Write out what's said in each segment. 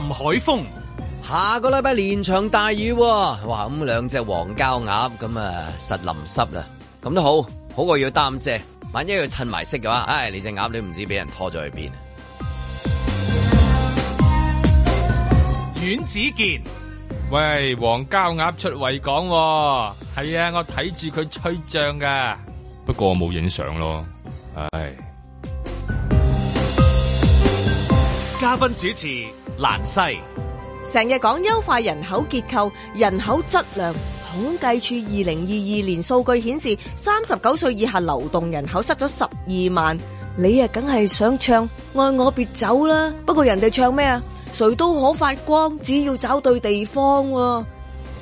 林海峰，下個禮拜連場大雨，哇！咁兩隻黃膠鴨咁啊，實淋濕啦。咁都好，好過要擔遮。萬一要襯埋色嘅話，唉、哎，你隻鴨你唔知俾人拖咗去邊啊！阮子健，喂，黃膠鴨出位講，哦，係啊，我睇住佢吹脹㗎，不過冇影相咯，唉、哎。嘉賓主持。蘭西，成日講優化人口結構、人口質量。統計處二零二二年數據顯示，三十九歲以下流動人口失咗十二萬。你啊，梗係想唱愛我別走啦。不過人哋唱咩啊？誰都可發光，只要找對地方啊。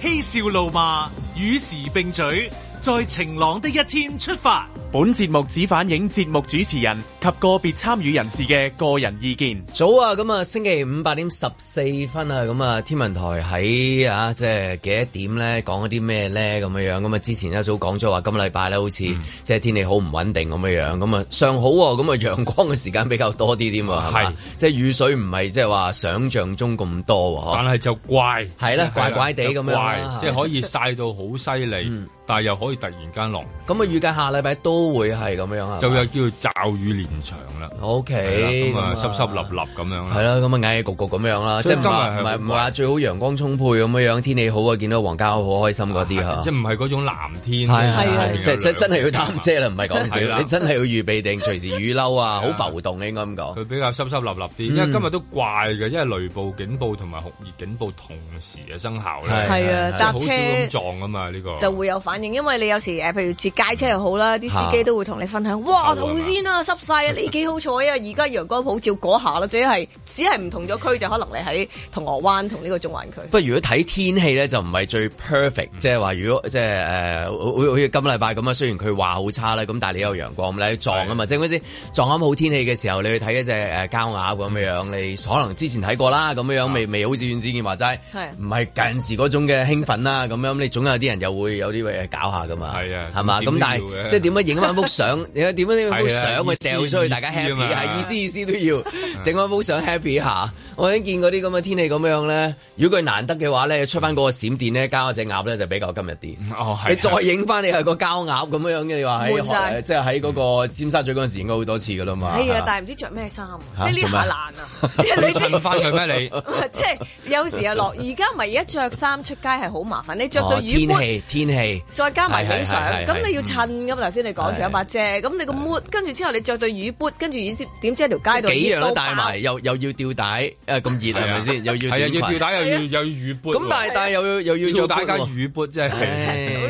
嬉笑怒罵與時並舉，在晴朗的一天出發。本節目只反映節目主持人及個別參與人士嘅個人意見。早啊，咁啊，星期五八點十四分啊，咁啊，天文台喺啊，即係幾多點咧？講一啲咩咧？咁樣樣咁啊，之前一早講咗話，今禮拜咧，好似、嗯、即係天氣好唔穩定咁樣樣，咁啊尚好啊，咁啊陽光嘅時間比較多啲添是啊，係即係雨水唔係即係話想象中咁多啊，但係啦就怪係啦，怪怪地咁樣，即係可以晒到好犀利。 嗯但係又可以突然間落，咁啊預計下禮拜都會係咁樣啊，就會叫驟雨連場啦。OK，咁啊濕濕立立咁樣啦，係啦，咁啊眼眼焗焗咁樣啦，即係唔係唔係話最好陽光充沛咁樣樣，天氣好啊，見到黃家好開心嗰啲即唔係嗰種藍天，係即真係要擔遮啦，唔係講笑，你真係要預備定隨時雨褸啊，好浮動應該咁講。佢比較濕濕立立啲，因為今日都怪嘅，因為雷暴警報同埋酷熱警報同時嘅生效咧。係啊，搭車撞啊嘛，呢個就會有因為你有時誒，譬如接街車又好啦，啲司機都會同你分享，啊、哇，頭先啊，濕晒啊， 你幾好彩啊！而家陽光普照嗰下啦，只係只係唔同咗區，就可能你喺銅鑼灣同呢個中環區。不過如果睇天氣咧，嗯、就唔係最 perfect，即係話如果即係誒，好、呃、似今禮拜咁啊，雖然佢話好差啦，咁但係你有陽光咁，你去撞啊嘛，的即係點先？撞啱好天氣嘅時候，你去睇一隻誒膠鴨咁樣樣，你可能之前睇過啦，咁樣樣的未未，未，未好似阮子健話齋，係唔係近時種嘅興奮啊？咁樣你總有啲人又會有啲搞下噶嘛，係啊，係嘛，咁但係即係點樣影翻幅相？你話點樣呢幅相去 show 出去，大家 happy 係意思意思都要，整翻幅相 happy 下。我已經見嗰啲咁嘅天氣咁樣咧，如果佢難得嘅話咧，出翻嗰個閃電咧，加嗰隻鴨咧就比較今日啲。哦，係。你再影翻你係個膠鴨咁樣嘅，你話喺即係喺嗰個尖沙咀嗰陣時應該好多次噶啦嘛。係啊，但係唔知着咩衫，即係呢下難啊。你問翻佢咩你？即係有時啊落，而家咪一着衫出街係好麻煩。你着到雨。天氣天氣。再加埋影相，咁你要襯噶嘛？頭先你講咗一把遮，咁你個 mood 跟住之後，你着對雨 b 跟住點知喺條街度幾樣都帶埋，又又要吊帶，誒咁熱係咪先？又要係要吊帶又要又要雨 b o 咁但係但係又要，又要再帶架雨 b o o 真係。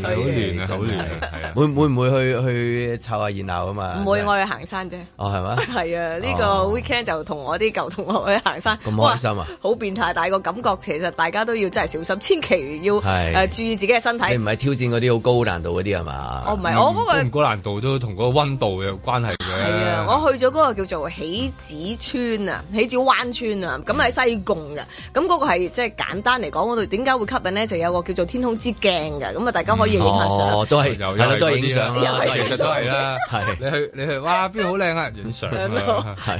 早聯早聯，會唔會唔會去去湊下熱鬧啊嘛？唔會，我去行山啫。哦，係嘛？係啊，呢個 weekend 就同我啲舊同學去行山。咁開心啊！好變態，但係個感覺其實大家都要真係小心，千祈要誒注意自己嘅身體。你唔係挑戰嗰啲好高難度嗰啲係嘛？哦，唔係，我嗰個高難度都同嗰個溫度有關係嘅。係啊，我去咗嗰個叫做起子村啊，起子灣村啊，咁喺西貢㗎。咁嗰個係即係簡單嚟講，嗰度點解會吸引咧？就有個叫做天空之鏡㗎。咁啊，大家。哦，都係，係都係影相啦，其實都係啦，係。你去，你去，哇，邊好靚啊，影相，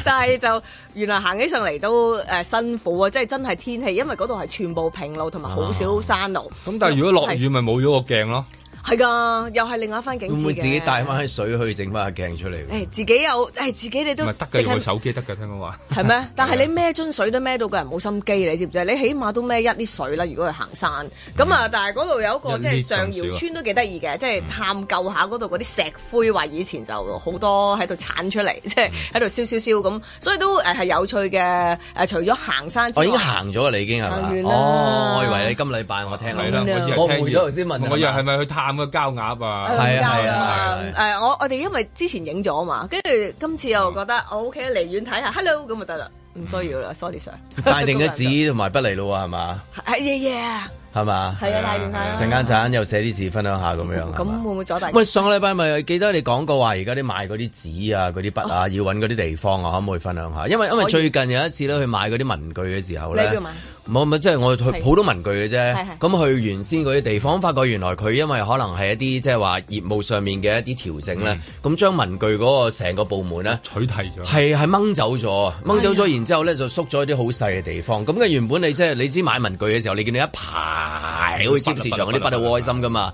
但係就原來行起上嚟都誒辛苦啊，即係真係天氣，因為嗰度係全部平路同埋好少山路。咁但係如果落雨咪冇咗個鏡咯。係噶，又係另外一番景緻嘅。會唔會自己帶翻水去整翻個鏡出嚟？自己有自己你都，淨係手機得㗎。聽講話，係咩？但係你孭樽水都孭到個人冇心機你知唔知？你起碼都孭一啲水啦。如果去行山咁啊，但係嗰度有一個即係上窰村都幾得意嘅，即係探舊下嗰度嗰啲石灰，話以前就好多喺度產出嚟，即係喺度燒燒燒咁，所以都誒係有趣嘅。除咗行山，我已經行咗，你已經係咪？哦，我以為你今禮拜我聽完，我回咗頭先問。我日咪去探？咁嘅膠鴨啊，係啊，誒，我我哋因為之前影咗嘛，跟住今次又覺得，O K，離遠睇下，Hello 咁就得啦，唔需要啦，sorry sir。帶定嘅紙同埋筆嚟咯，係嘛？係啊，e 係嘛？係啊，帶定啦。陣間陣間又寫啲字，分享下咁樣。咁會唔會阻大？咪上個禮拜咪記得你講過話，而家啲買嗰啲紙啊、嗰啲筆啊，要揾嗰啲地方啊，可唔可以分享下？因為因為最近有一次咧，去買嗰啲文具嘅時候咧。冇冇，即係我去好多文具嘅啫。咁去原先嗰啲地方，發覺原來佢因為可能係一啲即係話業務上面嘅一啲調整咧，咁將、嗯、文具嗰個成個部門咧取締咗，係係掹走咗，掹走咗，然之後咧就縮咗一啲好細嘅地方。咁嘅原本你即係你知你買文具嘅時候，你見到一排好似超市場嗰啲，筆好開心噶嘛。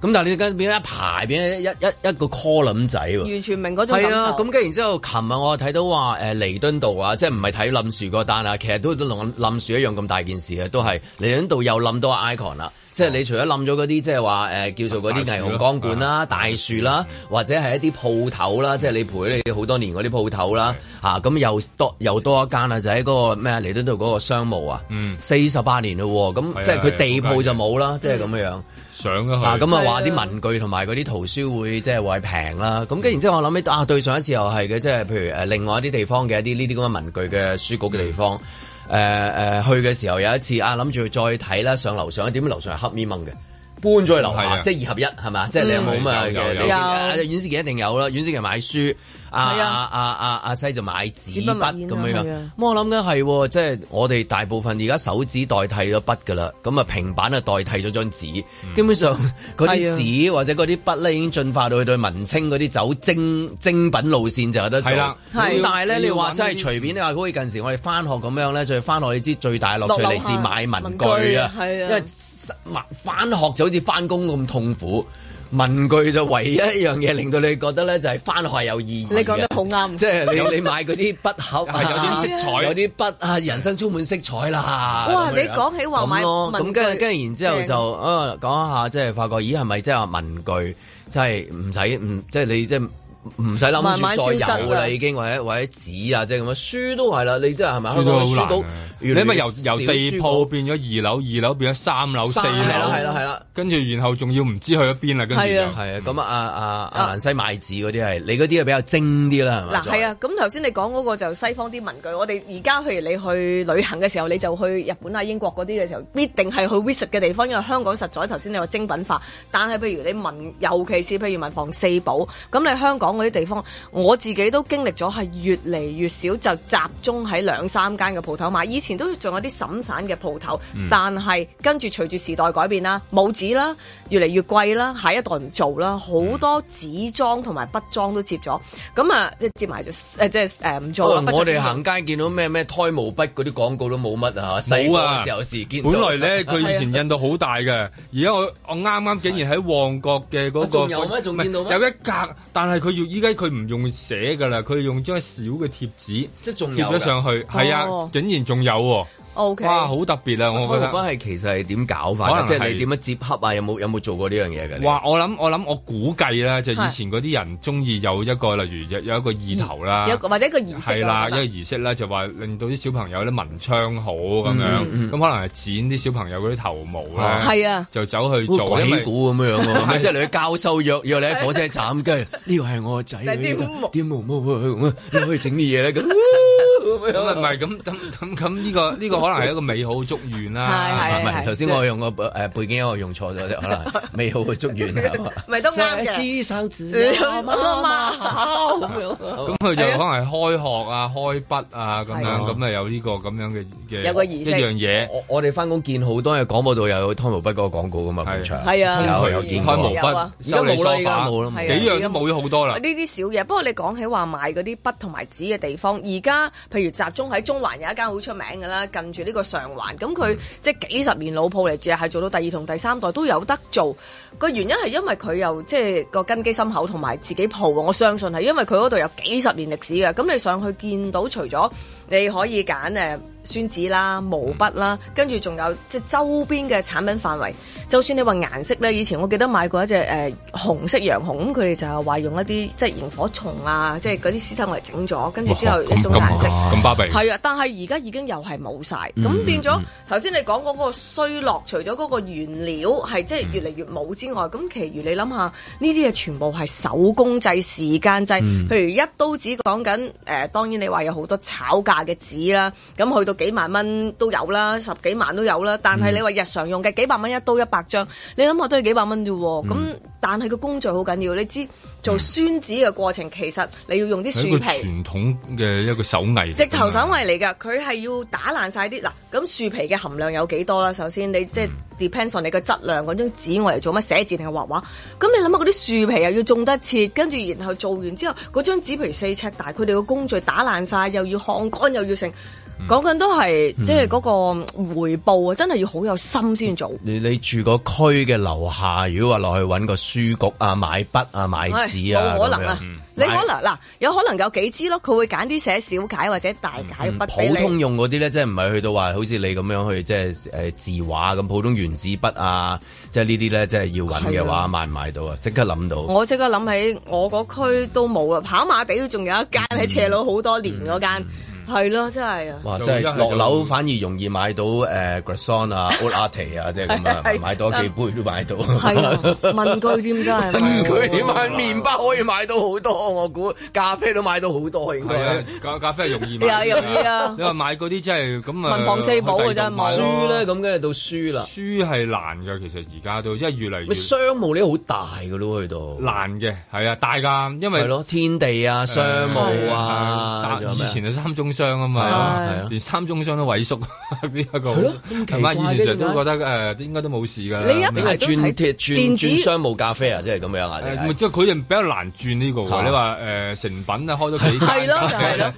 咁但係你跟變咗一排變咗一一一個 call 冧仔喎，完全明嗰種感受。啊，咁跟然之後，琴日我睇到話誒彌敦道啊，即係唔係睇冧樹嗰單啊？其實都都同冧樹一樣咁大件事啊。都係彌敦道又冧到 icon 啦。即係你除咗冧咗嗰啲即係話誒叫做嗰啲霓虹光管啦、大樹啦，或者係一啲鋪頭啦，即係你陪你好多年嗰啲鋪頭啦嚇。咁又多又多一間啊，就喺、是、嗰個咩啊彌敦道嗰個商務啊，四十八年嘞喎。咁即係佢地鋪就冇啦，即係咁樣。嗯嗯上啊咁啊話啲文具同埋嗰啲圖書會的即係話平啦，咁跟然之後我諗起啊對上一次又係嘅，即係譬如誒、呃、另外一啲地方嘅一啲呢啲咁嘅文具嘅書局嘅地方，誒誒、嗯呃呃、去嘅時候有一次啊諗住再睇啦，上樓上點知樓上係黑咪蒙嘅，搬咗去樓下，的即係二合一係嘛？嗯、即係你有冇咁樣嘅？的有有，有你，遠視鏡一定有啦，遠視鏡買書。阿阿阿阿阿西就買紙筆咁樣，咁我諗緊係即係我哋大部分而家手指代替咗筆噶啦，咁啊平板啊代替咗張紙，基本上嗰啲紙或者嗰啲筆咧已經進化到去對文青嗰啲走精精品路線就有得做。係啦，但係咧你話真係隨便你話，好似近時我哋翻學咁樣咧，就翻學你知最大樂趣嚟自買文具啊，因為翻學就好似翻工咁痛苦。文具就唯一一樣嘢令到你覺得咧，就係、是、返學有意義你你。你講得好啱，即係你你買嗰啲筆盒、啊， 有啲色彩、啊， 有啲筆啊，人生充滿色彩啦。哇！樣你講起話買文具，咁跟跟然之後，後就正啊，講一下即係、就是、發覺，咦係咪即係話文具即係唔使唔即係你即係。就是唔使諗慢慢再有啦，已經或者或者紙啊，即係咁啊，書都係啦，你即係係咪香港嘅書都？越越你咪由由地鋪變咗二樓，二樓變咗三樓四樓，係啦係啦係啦，跟住然後仲要唔知去咗邊啦，跟住的又係的、嗯、啊，咁啊啊啊蘭西買紙嗰啲係，你嗰啲係比較精啲啦，係嘛？嗱係啊，咁頭先你講嗰個就西方啲文具，我哋而家譬如你去旅行嘅時候，你就去日本啊、英國嗰啲嘅時候，必定係去 visit 嘅地方，因為香港實在頭先你有精品化，但係譬如你文，尤其是譬如文房四寶，咁你香港。啲地方，我自己都經歷咗，係越嚟越少，就集中喺兩三間嘅鋪頭買。以前都仲有啲散散嘅鋪頭，但係跟住隨住時代改變啦，冇紙啦，越嚟越貴啦，下一代唔做啦，好多紙裝同埋筆裝都接咗，咁啊，即係接埋咗，即係誒唔做。我哋行街見到咩咩胎毛筆嗰啲廣告都冇乜啊嚇，有啊，個嘅時本來咧佢以前印得好大嘅，而家、 啊、我我啱啱竟然喺旺角嘅嗰、嗰個，有有一格，但係佢要。依家佢唔用寫噶啦，佢用張小嘅貼紙，即係仲貼咗上去，係啊，哦，竟然仲有啊。O K，哇，好特別啊！我覺得其實係點搞法？即係你點樣接洽啊？有冇有冇做過呢樣嘢嘅？哇！我諗我諗我估計咧，就以前嗰啲人中意有一個，例如有有一個意頭啦，或者一個儀式，係啦，一個儀式咧，就話令到啲小朋友咧文昌好咁樣，咁可能係剪啲小朋友嗰啲頭毛咧，係啊，就走去做鬼古咁樣，即係你去交收約，然後你喺火車站，跟住呢個係我個仔，啲毛，毛毛你可以整啲嘢咧咁。唔係咁咁咁咁呢個呢個可能係一個美好祝願啦。唔係頭先我用個誒背景我用錯咗，可能美好嘅祝願。咪都啱嘅。生紙生紙，媽媽好咁樣。咁佢就可能係開學啊、開筆啊咁樣，咁啊有呢個咁樣嘅嘅一樣嘢。我哋翻工見好多嘢，廣播度有胎毛筆嗰個廣告㗎嘛，現場。係啊，有胎毛筆收禮物。依家冇啦，依家冇啦，幾樣都冇咗好多啦。呢啲小嘢，不過你講起話賣嗰啲筆同埋紙嘅地方，而家譬如。集中喺中環有一間好出名㗎啦，近住呢個上環，咁佢 即係幾十年老鋪嚟住，係做到第二同第三代都有得做。個原因係因為佢又即係個根基深厚，同埋自己鋪，我相信係因為佢嗰度有幾十年歷史嘅。咁你上去見到，除咗你可以揀誒宣紙啦、毛筆啦，跟住仲有即係周邊嘅產品範圍。就算你話顏色咧，以前我記得買過一隻誒、呃、紅色洋紅，咁佢哋就係話用一啲即係螢火蟲啊，即係嗰啲屍身嚟整咗，跟住之後一種顏色咁巴閉。係啊，嗯嗯嗯嗯、啊，但係而家已經又係冇晒。咁變咗頭先你講嗰個衰落，除咗嗰個原料係即係越嚟越冇之外，咁、嗯嗯、其餘你諗下呢啲嘢全部係手工製、時間製，譬如、嗯嗯嗯嗯、一刀紙講緊誒，當然你話有好多炒價。嘅紙啦，咁去到幾萬蚊都有啦，十幾萬都有啦。但係你話日常用嘅，幾百蚊一刀一百張，你諗下都要幾百蚊啫。咁但係個工序好緊要，你知。做宣紙嘅過程，其實你要用啲樹皮。傳統嘅一個手藝，直頭手藝嚟㗎。佢係要打爛晒啲嗱，咁樹皮嘅含量有幾多啦？首先你、嗯、即係 depends on 你個質量嗰張紙，我嚟做乜，寫字定係畫畫？咁你諗下嗰啲樹皮又要種得切，跟住然後做完之後，嗰張紙皮四尺大，佢哋個工序打爛晒，又要烘乾，又要成。講緊、嗯、都係即係嗰個回報啊！嗯、真係要好有心先做你。你住個區嘅樓下，如果話落去揾個書局啊，買筆啊，買紙啊，冇、哎、可能啊！樣嗯、你可能嗱買，有可能有幾支咯，佢會揀啲寫小楷或者大楷。筆、嗯。普通用嗰啲咧，即係唔係去到話，好似你咁樣去即係誒字畫咁普通原子筆啊，即係呢啲咧，即係要揾嘅話，的買唔買到啊？即刻諗到。我即刻諗起，我嗰區都冇啦，跑馬地都仲有一間喺斜路好多年嗰間。嗯嗯嗯嗯係咯，真係啊！哇，真係落樓反而容易買到誒 grandson 啊，old arty 啊，即係咁啊，買多幾杯都買到。問佢先，真係問佢點買？麵包可以買到好多，我估咖啡都買到好多，應該係啊。咖咖啡係容易買，又容易啊！你話買嗰啲真係咁啊？文房四寶真係買書咧？咁跟住到書啦，書係難嘅，其實而家都即係越嚟越商務咧，好大㗎咯，佢都難嘅，係啊，大㗎，因為咯，天地啊，商務啊，以前係三中。商啊嘛，連三中商都萎縮，邊一個？係咯，琴晚以前成日都覺得誒，應該都冇事㗎。你而家轉鐵轉轉商務咖啡啊，即係咁樣啊？即係佢哋比較難轉呢個？你話誒成品啊，開咗幾？係係咯。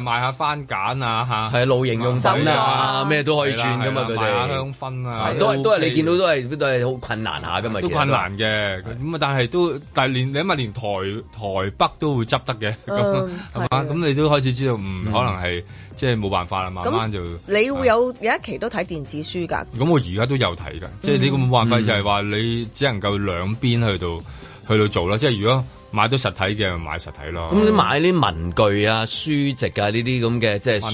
賣下番梘啊，嚇，係露營用品啊，咩都可以轉㗎嘛。佢哋賣香氛啊，都係都係你見到都係都係好困難下㗎嘛。都困難嘅，咁啊，但係都但係連你起碼連台台北都會執得嘅，係嘛？咁你都開始知道唔可能係即係冇辦法啦，慢慢就。你會有有一期都睇電子書噶。咁、啊、我而家都有睇噶，即係呢個辦法就係話你只能夠兩邊去到、嗯、去到做啦，即係如果。買到實體嘅買實體咯。咁你、嗯、買啲文具啊、書籍啊呢啲咁嘅即係書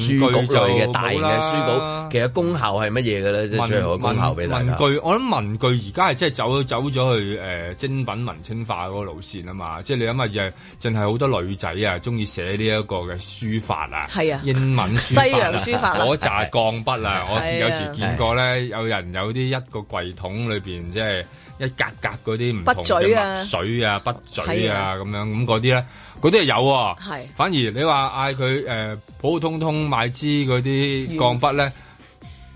局類嘅大型嘅書稿，其實功效係乜嘢嘅咧？即係最好功效俾大家。文，文，文具我諗文具而家係即係走走咗去誒、呃、精品文青化嗰個路線啊嘛！即係你諗下淨係好多女仔啊，中意寫呢一個嘅書法啊，啊英文書法西洋書法啊，嗰紮鋼筆啊， 是我有時見過咧，有人有啲一個櫃桶裏邊即係。就是一格格嗰啲唔同嘅水啊、筆嘴啊咁、啊啊、的樣咁嗰啲咧，嗰啲係有。的反而你話嗌佢誒普普通通買支嗰啲鋼筆咧，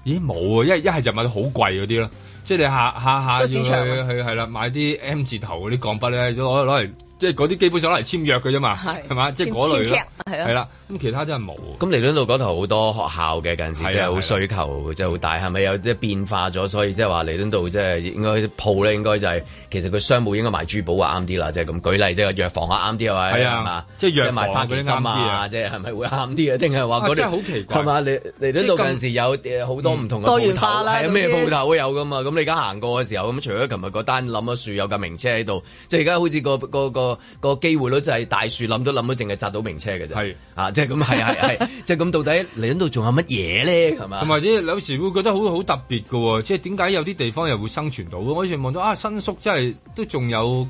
嗯、咦冇啊，一一係就買到好貴嗰啲咯，即係你下下下要去去係啦，買啲 M 字頭嗰啲鋼筆咧，攞攞嚟。即係嗰啲基本上嚟簽約嘅啫嘛，係嘛？即係嗰類係啦。咁其他真係冇。咁彌敦道嗰頭好多學校嘅近時，真係好需求，真係好大。係咪有啲變化咗？所以即係話彌敦道，即係應該鋪咧，應該就係其實佢商務應該賣珠寶啊啱啲啦，即係咁舉例即係藥房啊啱啲啊嘛，係啊即係藥賣翻件衫啊，即係係咪會啱啲啊？定係話嗰啲好奇怪係嘛？彌敦道近時有好多唔同嘅鋪頭，咩鋪頭都有噶嘛？咁你而家行過嘅時候，咁除咗琴日嗰單冧咗樹有架名車喺度，即係而家好似個個個。個機會囉，就係大樹冧咗冧咗，淨係砸到名車嘅啫。係是 啊，即係咁係啊係，即係咁到底嚟喺度仲有乜嘢咧？係嘛，同埋啲有時會覺得好好特別嘅，即係點解有啲地方又會生存到？我以前望到啊，新宿真係都仲有。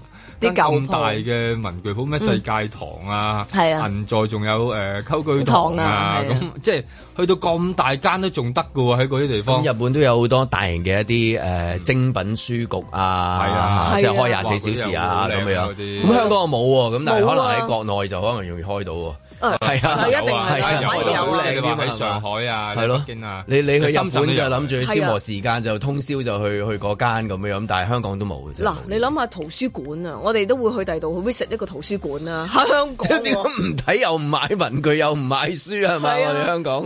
咁大嘅文具舖咩？世界堂啊，銀座仲有誒溝具堂啊，咁即係去到咁大間都仲得嘅喎，喺嗰啲地方。日本都有好多大型嘅一啲誒精品書局啊，即係開廿四小時啊咁樣。咁香港冇喎，咁但係可能喺國內就可能容易開到。係啊，一定係啊，有好靚啲喺上海啊，係咯，啊，你你去日本就諗住消磨時間，就通宵就去去嗰間咁樣，但係香港都冇嘅。嗱，你諗下圖書館啊，我哋都會去第度去 visit 一個圖書館啊？喺香港。唔睇又唔買文具，又唔買書，係咪我哋香港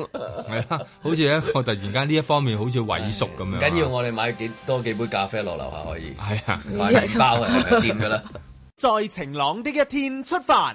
係啊，好似我突然間呢一方面好似萎縮咁樣。緊要我哋買幾多幾杯咖啡落樓下可以，係啊，買麵包係點嘅啦？再晴朗的一天出發。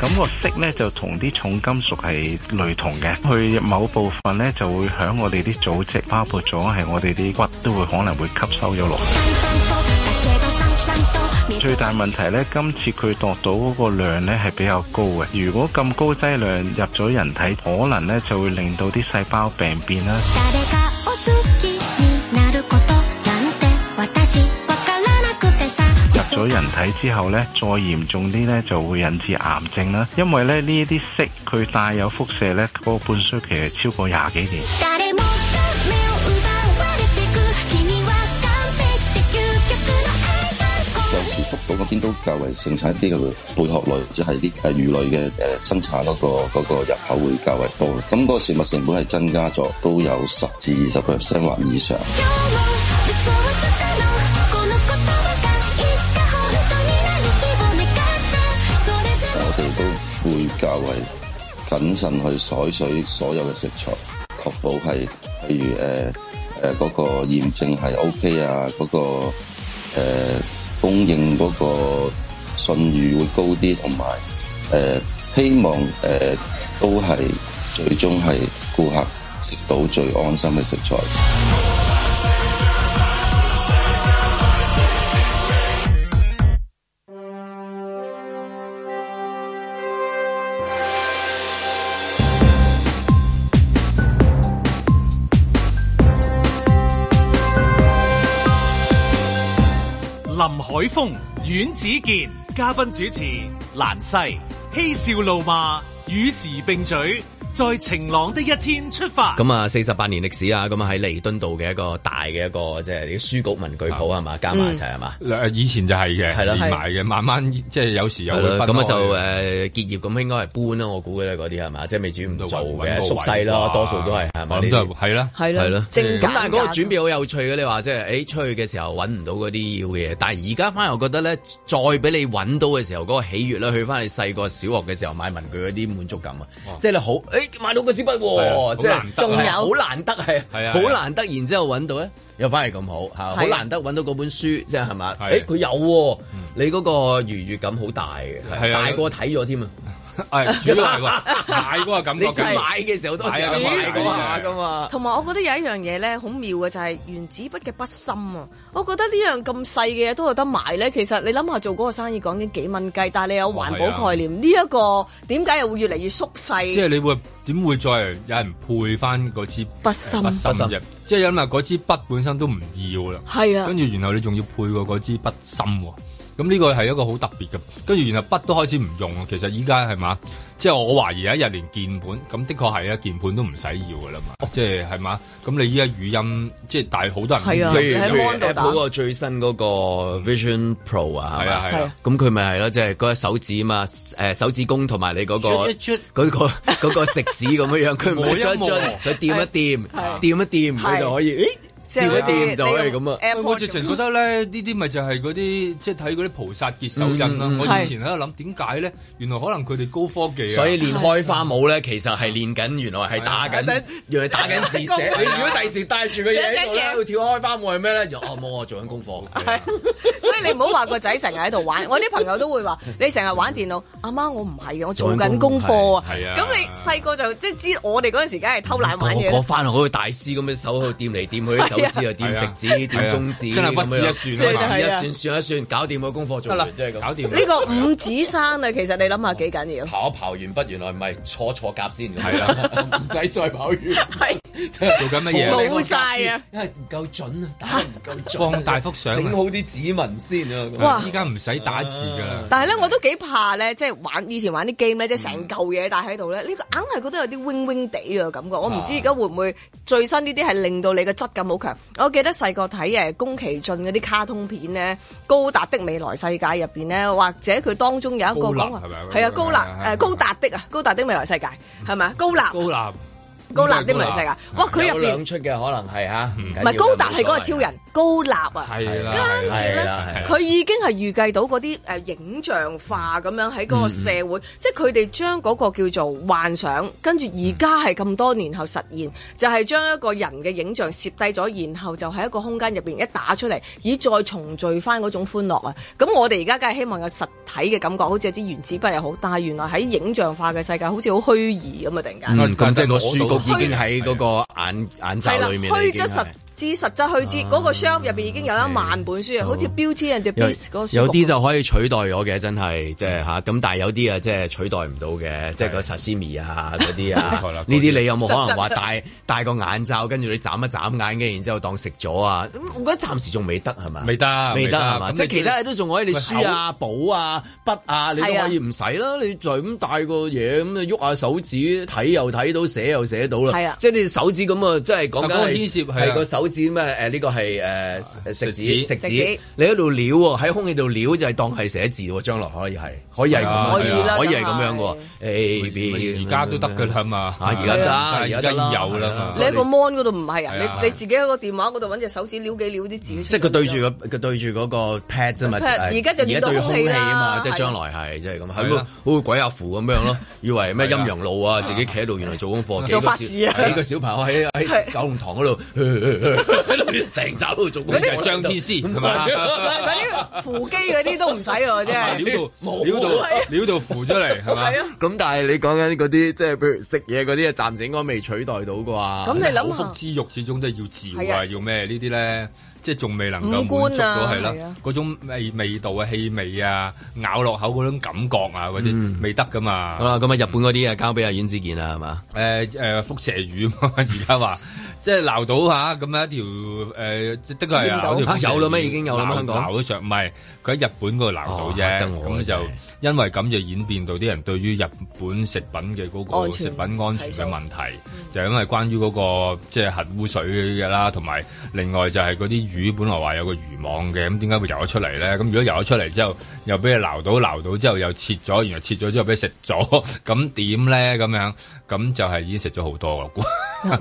咁個色咧就同啲重金屬係類同嘅，佢某部分咧就會喺我哋啲組織，包括咗係我哋啲骨，都會可能會吸收咗落去。最大問題咧，今次佢度到嗰個量咧係比較高嘅。如果咁高劑量入咗人體，可能咧就會令到啲細胞病變啦。 咗人體之後咧，再嚴重啲咧就會引致癌症啦。因為咧呢一啲色佢帶有輻射咧，個半衰期係超過廿幾年。有時福島嗰邊都較為盛產啲嘅貝殼類，即係啲誒魚類嘅誒生產嗰、嗰個嗰個入口會較為多。咁、嗰個食物成本係增加咗，都有十至二十個 percent 或以上。 較為謹慎去採取所有嘅食材，確保係，譬如誒誒嗰個驗證係 O K 啊，嗰、嗰個、呃、供應嗰個信譽會高啲，同埋誒希望誒、呃、都係最終係顧客食到最安心嘅食材。海峰、阮子健，嘉賓主持蘭西，嬉笑怒罵，與時並舉。在晴朗的一天出發。咁啊，四十八年歷史啊，咁啊喺彌敦道嘅一個大嘅一個即係啲書局文具鋪係嘛，加埋一齊係嘛？以前就係嘅，連埋嘅，慢慢即係有時有咁啊，就誒結業咁應該係搬啦，我估嘅啦，嗰啲係嘛？即係未主唔到做嘅縮細啦，多數都係係咪？呢啲係係啦，係啦，咁但係嗰個轉變好有趣嘅，你話即係誒出去嘅時候揾唔到嗰啲要嘅嘢，但係而家翻嚟我覺得咧，再俾你揾到嘅時候嗰個喜悅咧，去翻你細個小學嘅時候買文具嗰啲滿足感啊！即係你好買到個支筆，即係仲有好難得，係啊，好難得。然之後揾到咧，又反嚟咁好，吓好難得揾到嗰本書，即係係咪？誒，佢有，你嗰個愉悅感好大嘅，大過睇咗添啊！係， 主要係買嗰個 感覺，咁買嘅時候都係買嗰下噶嘛。同埋主我覺得有一樣嘢咧，好妙嘅就係、是、原子筆嘅筆芯啊！我覺得呢樣咁細嘅嘢都有得買咧。其實你諗下做嗰個生意講緊幾蚊雞，但係你有環保概念，呢一是、啊、個點解又會越嚟越縮細？即係你會點會再有人配翻嗰支筆芯？筆芯啫，即係諗下嗰支筆本身都唔要啦，係啦，跟住然後你仲要配過嗰支筆芯。咁呢個係一個好特別嘅，跟住然後筆都開始唔用，其實依家係嘛，即係我懷疑一日連鍵盤，咁的確係啊，鍵盤都唔使要嘅啦嘛，哦、即係係嘛，咁你依家語音，即係大好多人，譬、啊、如，如 Apple 個最新嗰個 Vision Pro 啊，係啊係啊，咁佢咪係咯，即係嗰個手指嘛，誒手指公同埋你嗰、嗰個嗰食指咁樣樣，佢摩一摩，佢掂一掂，掂、啊、一掂，佢就、啊啊、可以。掉一掂就可以咁啊！我直情覺得咧呢啲咪就係嗰啲即係睇嗰啲菩薩結手印啦。我以前喺度諗點解咧？原來可能佢哋高科技啊！所以練開花舞咧，其實係練緊，原來係打緊，用嚟打緊字寫。你如果第時帶住個嘢喺度咧，會跳開花舞係咩咧？就啊冇我做緊功課。所以你唔好話個仔成日喺度玩。我啲朋友都會話：你成日玩電腦，阿媽我唔係嘅，我做緊功課啊！咁你細個就即係知我哋嗰陣時梗係偷懶玩嘢。個翻去好似大師咁樣手喺度掂嚟掂去。知啊？點食指？點中指？真係不只一算咯，一算算一算，搞掂個功課做完，真係搞掂呢個五指山啊！其實你諗下幾緊要？刨一刨完筆，原來唔係錯錯甲先，係啦，唔使再跑完。真係，做緊乜嘢冇晒曬啊！因為唔夠準啊，打得唔夠準。放大幅相，整好啲指紋先啊！哇！依家唔使打字㗎啦。但係咧，我都幾怕咧，即係玩以前玩啲 game 咩，即係成嚿嘢戴喺度咧。呢個硬係覺得有啲嗡嗡地嘅感覺。我唔知而家會唔會最新呢啲係令到你個質感好.我記得細個睇誒宮崎駿嗰啲卡通片咧，《高達的未來世界》入邊咧，或者佢當中有一個講話係啊高立，誒，高達的啊，高達的未來世界係咪？高立。高立啲咪世界，哇，佢入面演出嘅可能係嚇，唔係高達，係嗰個超人，高立啊，跟住咧佢已經係預計到嗰啲誒影像化咁樣喺嗰個社會，即係佢哋將嗰個叫做幻想，跟住而家係咁多年後實現，就係將一個人嘅影像攝低咗，然後就喺一個空間入邊一打出嚟，以再重聚翻嗰種歡樂啊！咁我哋而家梗係希望有實體嘅感覺，好似有支原子筆又好，但係原來喺影像化嘅世界好似好虛擬咁啊！突然間。唔已經喺嗰個眼虛眼罩裡面已經係。知實質去知嗰個 shelf 入邊已經有一萬本書，好似標籤人隻 bis 嗰個有啲就可以取代咗嘅，真係即係吓，咁，但係有啲啊即係取代唔到嘅，即係個 sashimi 啊嗰啲啊，呢啲你有冇可能話戴戴個眼罩，跟住你眨一眨眼嘅，然之後當食咗啊？我覺得暫時仲未得係嘛？未得未得啊嘛！即係其他嘢都仲可以，你書啊、簿啊、筆啊，你都可以唔使啦，你就咁戴個嘢咁啊喐下手指睇又睇到，寫又寫到啦。即係你手指咁啊，即係講緊係指咩？誒呢個係誒食指食指，你喺度撩喎，喺空氣度撩，就係當係寫字喎。將來可以係可以係咁，可以啦，可以係咁樣嘅。A B 而家都得嘅啦嘛，而家得，而家已有啦。你喺個 mon 嗰度唔係啊？你自己喺個電話嗰度搵隻手指撩幾撩啲字。即係佢對住個佢對住嗰個 pad 啫嘛。而家就面對空氣啊嘛，即係將來係即係咁，好鬼阿符咁樣咯。以為咩陰陽路啊？自己企喺度，原來做功課。做法師啊？幾個小朋友喺喺九龍塘嗰度。喺成集都做嗰啲張天師係咪，嗰啲扶乩嗰啲都唔使喎，真係。料到冇，料到料到扶出嚟係咪。咁但係你講緊嗰啲，即係譬如食嘢嗰啲啊，暫時應該未取代到啩。咁你諗下，福之肉始終都要照啊，要咩呢啲咧？即係仲未能夠滿足到係啦，嗰、啊啊、種味味道啊、氣味啊、咬落口嗰種感覺啊，嗰啲未得噶嘛。好啦、啊，咁啊日本嗰啲啊，交俾阿阮子健啊，係嘛、欸？誒、呃、誒，輻射魚嘛，而家話即係撈到吓，咁、啊、樣一條誒，的確係有啦，有啦，咩已經有啦，香港撈到上，唔係佢喺日本嗰度撈到啫，咁、啊啊、就。因為咁就演變到啲人對於日本食品嘅嗰個食品安全嘅問題，就係因為關於嗰個即係核污水嘅啦，同埋另外就係嗰啲魚本來話有個漁網嘅，咁點解會游咗出嚟咧？咁如果游咗出嚟之後，又俾佢撈到撈到之後又切咗，然後切咗之後俾佢食咗，咁點咧？咁樣。咁就係已經食咗好多㗎喇。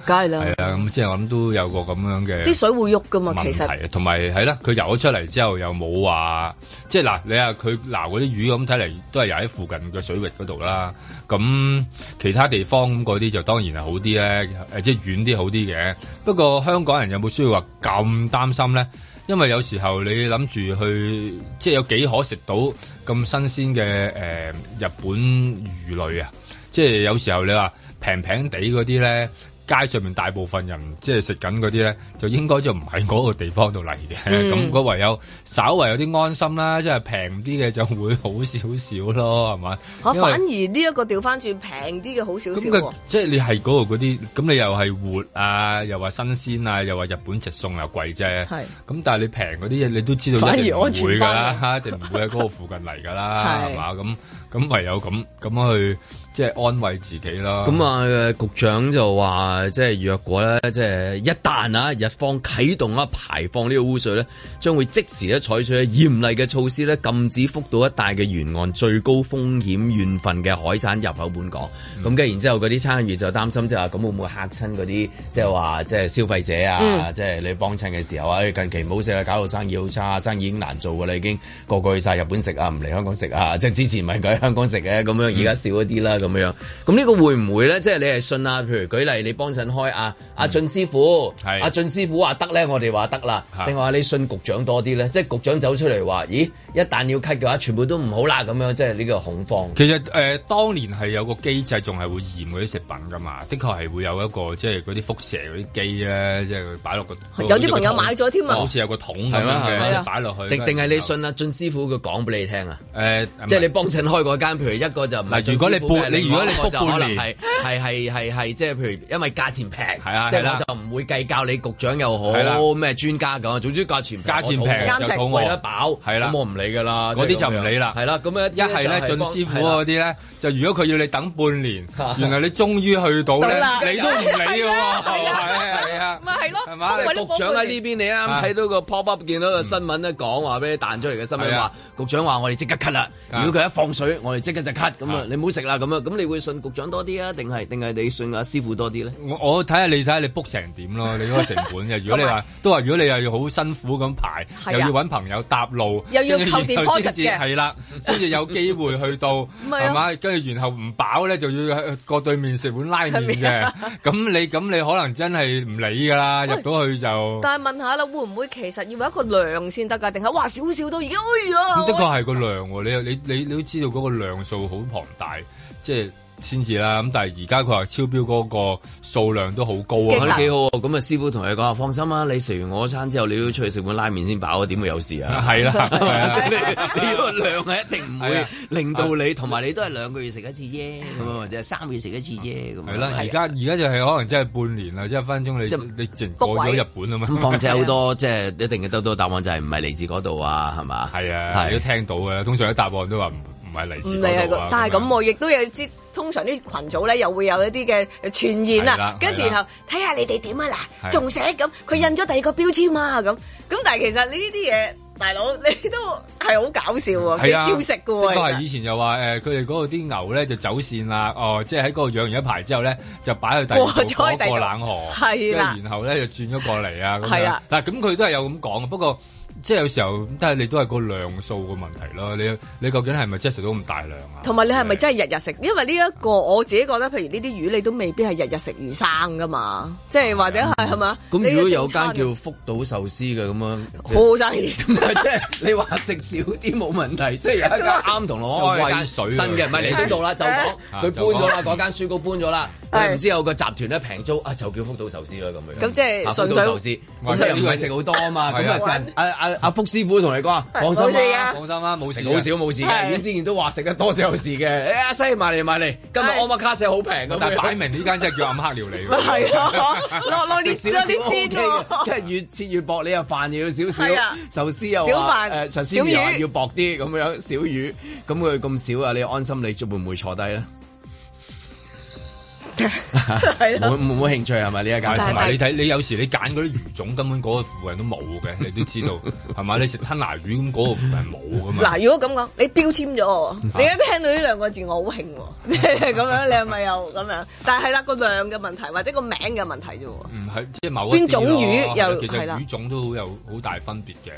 梗係啦，係啊，咁即係我諗都有個咁樣嘅。啲水會喐噶嘛？其實同埋係啦，佢游咗出嚟之後又冇話，即係嗱，你話佢撈嗰啲魚咁睇嚟都係游喺附近嘅水域嗰度啦。咁其他地方嗰啲就當然係好啲咧，誒即係遠啲好啲嘅。不過香港人有冇需要話咁擔心咧？因為有時候你諗住去，即係有幾可食到咁新鮮嘅誒、呃、日本魚類啊？即係有時候你話平平地嗰啲咧，街上面大部分人即係食緊嗰啲咧，就應該就唔喺嗰個地方度嚟嘅。咁佢、嗯、唯有稍為有啲安心啦，即係平啲嘅就會好少少咯，係嘛？反而呢一個調翻轉平啲嘅好少少。即係你係嗰度嗰啲，咁你又係活啊，又話新鮮啊，又話日本直送又貴啫。咁是但係你平嗰啲嘢，你都知道一定唔會㗎啦，一定唔會喺嗰個附近嚟㗎啦，係嘛 是？咁咁唯有咁咁去。即係安慰自己啦。咁啊，局長就話，即係若果咧，即係一旦啊，日方啟動啊排放呢個污水咧，將會即時咧採取嚴厲嘅措施咧，禁止福島一帶嘅沿岸最高風險縣份嘅海產入口本港。咁跟住然之後，嗰啲參與就擔心就，就話咁會唔會嚇親嗰啲，即係話即係消費者啊，嗯、即係你幫襯嘅時候啊、哎，近期唔好食啊，搞到生意好差，生意已經難做㗎啦，已經個個去晒日本食啊，唔嚟香港食啊，即係之前唔係佢喺香港食嘅，咁樣而家少一啲啦。咁樣，咁呢個會唔會咧？即係你係信啊？譬如舉例，你幫襯開啊，阿俊師傅，阿俊師傅話得咧，我哋話得啦。定話你信局長多啲咧？即係局長走出嚟話，咦，一旦要 cut 嘅話，全部都唔好啦。咁樣即係呢個恐慌。其實誒，當年係有個機制，仲係會驗嗰啲食品噶嘛。的確係會有一個即係嗰啲輻射嗰啲機咧，即係擺落個。有啲朋友買咗添嘛，好似有個桶咁樣擺落去。定定係你信阿俊師傅佢講俾你聽啊？誒，即係你幫襯開嗰間，譬如一個就唔係。嗱，如果你你如果你我就可能係係係係係，即係譬如，因為價錢平係啊，即係就唔會計較你局長又好咩專家咁，總之價錢價錢平就飽，係啦，咁我唔理噶啦，嗰啲就唔理啦，係啦，咁啊一係咧進師傅嗰啲咧，就如果佢要你等半年，原來你終於去到咧，你都唔理㗎喎。係咯，即係局長喺呢邊，你啱啱睇到個 pop up，見到個新聞咧，講話俾你彈出嚟嘅新聞話，局長話我哋即刻 cut 啦，如果佢一放水，我哋即刻就 cut 咁啊，你唔好食啦咁啊，咁你會信局長多啲啊，定係定係你信阿師傅多啲咧？我我睇下你睇下你 book 成點咯，你個成本嘅。如果你話都話，如果你又要好辛苦咁排，又要搵朋友搭路，又要靠點 po 食嘅，係啦，先至有機會去到係嘛，跟住然後唔飽咧就要過對面食碗拉麵嘅，咁你咁你可能真係唔理噶啦。入到去就，但係問下啦，會唔會其實要一個量先得㗎？定係哇少少都已經？哎呀，的確係個量喎！你你你你都知道嗰個量數好龐大，即係。先至啦，咁但係而家佢話超標嗰個數量都好高啊，覺得幾好啊！咁啊，師傅同佢講，放心啊，你食完我餐之後，你都要出去食碗拉麵先飽啊，點會有事啊？係啦，你呢個量係一定唔會令到你，同埋你都係兩個月食一次啫，咁或者係三個月食一次啫，咁。係啦，而家而家就係可能真係半年啦，即係一分鐘你即係過咗日本啊嘛。咁況且好多即係一定嘅得到答案就係唔係嚟自嗰度啊，係嘛？係啊，都聽到嘅，通常啲答案都話唔。唔係，但係咁我亦都有知，通常啲群組咧，又會有一啲嘅傳言啦。跟住然後睇下你哋點啊嗱，仲的寫咁，佢印咗第二個標籤啊咁咁。但係其實呢啲嘢，大佬你都係好搞笑喎，啲的招式噶喎。都係以前又話誒，佢哋嗰度啲牛咧就走線啦，哦、呃，即係喺嗰度養完一排之後咧，就擺去第二個過 冷河，係啦的，然後咧就轉咗過嚟啊，係啦。的但係咁佢都係有咁講啊，不過。即係有時候，但係你都係個量數嘅問題咯。你你究竟係咪真係食到咁大量啊？同埋你係咪真係日日食？因為呢一個我自己覺得，譬如呢啲魚，你都未必係日日食魚生噶嘛。即係或者係係咪？咁如果有間叫福島壽司嘅咁樣，好好生意。唔係即係你話食少啲冇問題。即係有一間啱同我開間新嘅，唔係嚟呢度啦，就講佢搬咗啦，嗰間書局搬咗啦。唔知有個集團咧平租啊，就叫福島壽司啦咁樣。咁即係福島壽司，本身又唔係食好多啊嘛。咁啊陣，阿阿阿福師傅同你講，放心啦，放心啦，冇事，好少冇事嘅。之前都話食得多先有事嘅。哎呀，犀利埋嚟埋嚟，今日我乜卡食好平嘅，但擺明呢間真係叫暗黑料理。係落落啲少啲煎，即係越切越薄。你又飯要少少，壽司又話壽司要薄啲咁樣，小魚咁佢咁少啊，你安心你會唔會坐低咧？冇冇興趣係咪呢一間？同埋你睇你有時你揀嗰啲魚種，根本嗰個附近都冇嘅，你都知道係嘛？你食吞拿魚咁嗰個附近冇噶嘛？嗱，如果咁講，你標籤咗我。你一聽到呢兩個字，我好興，即係咁樣。你係咪又咁樣？但係啦，個量嘅問題或者個名嘅問題啫。嗯，係即係某。邊種魚又其實魚種都好有好大分別嘅，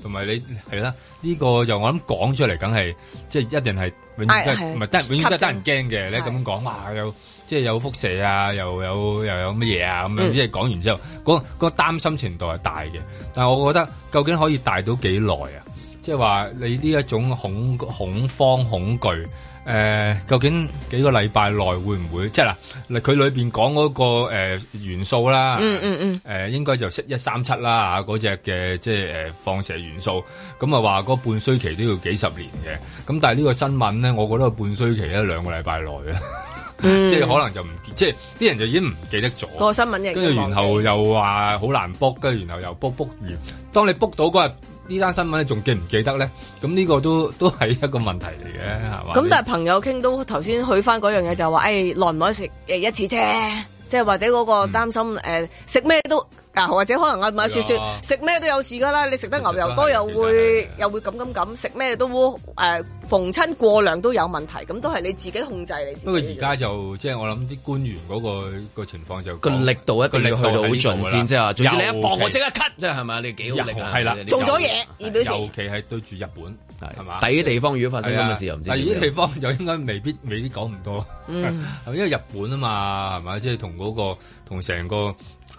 同埋你係啦，呢個就我諗講出嚟，梗係即係一定係永遠都唔係得，永遠都得人驚嘅。你咁樣講哇，又～即係有輻射啊，又有又有乜嘢啊咁樣，嗯、即係講完之後，嗰嗰、嗰個、擔心程度係大嘅。但係我覺得究竟可以大到幾耐啊？即係話你呢一種恐恐慌、恐懼，誒、呃，究竟幾個禮拜內會唔會？即係嗱，佢裏邊講嗰個、呃、元素啦，嗯嗯嗯、呃，誒應該就銫一三七啦嚇，嗰隻嘅即係誒放射元素，咁啊話嗰半衰期都要幾十年嘅。咁但係呢個新聞咧，我覺得半衰期咧兩個禮拜內啊。 嗯、即係可能就唔，即係啲人就已經唔記得咗個新聞，跟住然後又話好難 book，跟住然後又 book book 完。當你 book 到嗰日呢單新聞，你仲記唔記得咧？咁呢個都都係一個問題嚟嘅，係嘛，嗯？咁吧但係朋友傾到頭先，去翻嗰樣嘢就話，誒耐唔耐食一次啫，即係或者嗰個擔心誒食咩都。啊，或者可能阿咪雪雪食咩都有事噶啦，你食得牛油多又會又會咁咁咁，食咩都誒，逢親過量都有問題，咁都係你自己控制你自己，不過而家就即係我諗啲官員嗰個個情況就個力度一定要去到好盡先，即係話，總之你一放我即刻咳，即係係嘛，你幾好力係啦，做咗嘢。尤其係對住日本係嘛？第啲地方如果發生咁嘅事又唔知。第啲地方就應該未必未必講唔多，因為日本啊嘛，係咪？即係同嗰個同成個。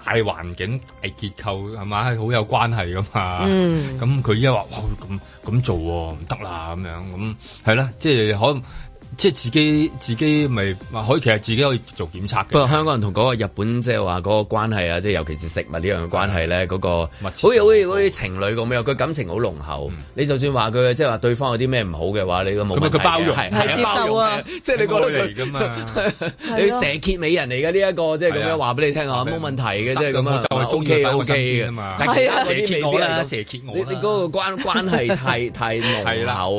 大環境、大結構係嘛，係好有關係噶嘛。嗯。咁佢依家話：「哇，咁咁做喎，啊，唔得啦咁樣咁，係啦，即係可能。即係自己自己咪，可以其實自己可以做檢測嘅。不過香港人同嗰個日本即係話嗰個關係啊，即係尤其是食物呢樣嘅關係咧，嗰個好似好似嗰啲情侶咁樣，佢感情好濃厚。你就算話佢即係話對方有啲咩唔好嘅話，你都冇問題。佢包容，係接受啊！即係你覺得嚟㗎嘛，你要蛇蠍美人嚟㗎呢一個，即係咁樣話俾你聽啊，冇問題嘅，即係咁啊，O K O K 㗎嘛。但係蛇蠍你嗰個關關係太太濃厚，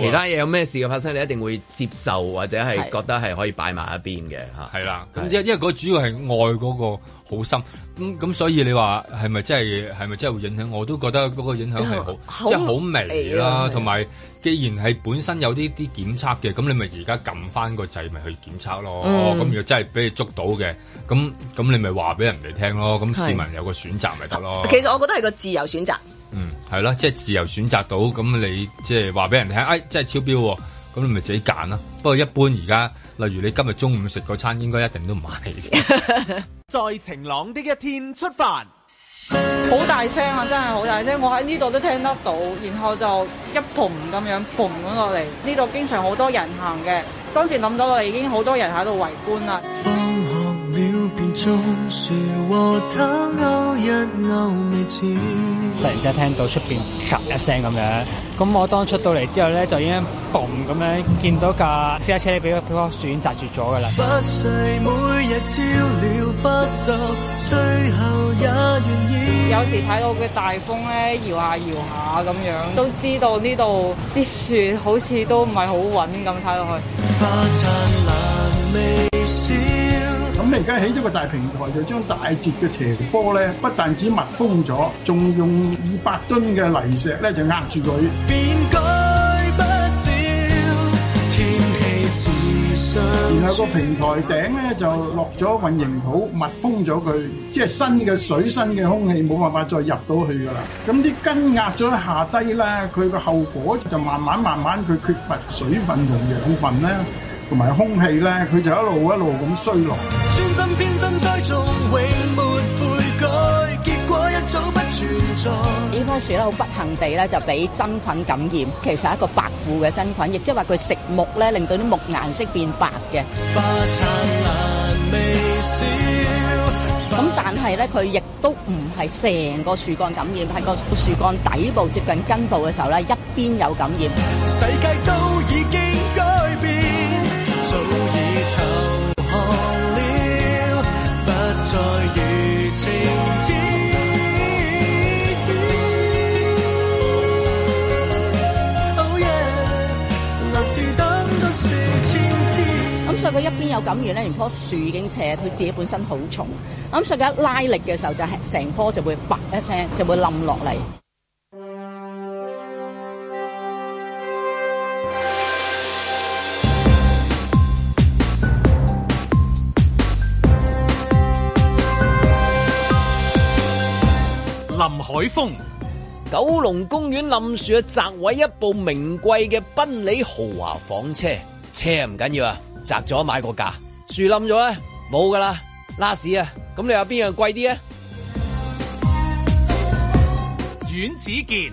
其他嘢有咩事嘅發生，你一定會接受或者係覺得係可以擺埋一邊嘅吓，係啦，因因為個主要係愛嗰個好深，咁咁所以你話係咪真係係咪真係會影響？我都覺得嗰個影響係好，即係好微啦。同埋 既然係本身有啲啲檢測嘅，咁你咪而家撳翻個掣咪去檢測咯。咁、嗯哦、如果真係俾你捉到嘅，咁咁你咪話俾人哋聽咯。咁、嗯、市民有個選擇咪得咯。其實我覺得係個自由選擇，嗯係咯，即係、就是、自由選擇到，咁你即係話俾人聽，誒、哎，真係超標。咁你咪自己揀咯。不過一般而家，例如你今日中午食嗰餐，應該一定都唔買。在 晴朗的一天出發，好大聲啊！真係好大聲，我喺呢度都聽得到。然後就一盤咁樣盤咗落嚟，呢度經常好多人行嘅。當時諗到我哋已經好多人喺度圍觀啦。青突然之間聽到出邊 𥄫 一聲咁樣，咁我當出到嚟之後咧，就已經嘣咁樣見到架私家車俾一棵樹砸住咗噶啦。有時睇到嘅大風咧，搖下搖下咁樣，都知道呢度啲樹好似都唔係好穩咁睇落去。花燦爛未？咁你而家起咗個大平台，就將大截嘅斜坡咧，不但止密封咗，仲用二百噸嘅泥石咧就壓住佢。變改不少，天氣時上。然後個平台頂咧就落咗混凝土，密封咗佢，即係新嘅水、新嘅空氣冇辦法再入到去㗎啦。咁啲根壓咗下低啦，佢個後果就慢慢慢慢佢缺乏水分同養分咧。同埋空氣咧，佢就一路一路咁衰落。呢棵樹咧，好不幸地咧，就俾真菌感染，其實係一個白腐嘅真菌，亦即係話佢食木咧，令到啲木顏色變白嘅。咁但係咧，佢亦都唔係成個樹幹感染，喺個樹幹底部接近根部嘅時候咧，一邊有感染。晴天,、oh yeah, 立志等到天，等咁所以佢一邊有咁完咧，連棵樹已經斜，佢自己本身好重，咁所以佢一拉力嘅時候就係成棵就會啪一聲就會冧落嚟。林海峰，九龍公園冧樹啊，砸毀一部名貴嘅賓利豪華房車，車唔緊要啊，砸咗買個價。樹冧咗啊，冇㗎喇，拉屎啊！咁你話邊樣貴啲啊？阮子健，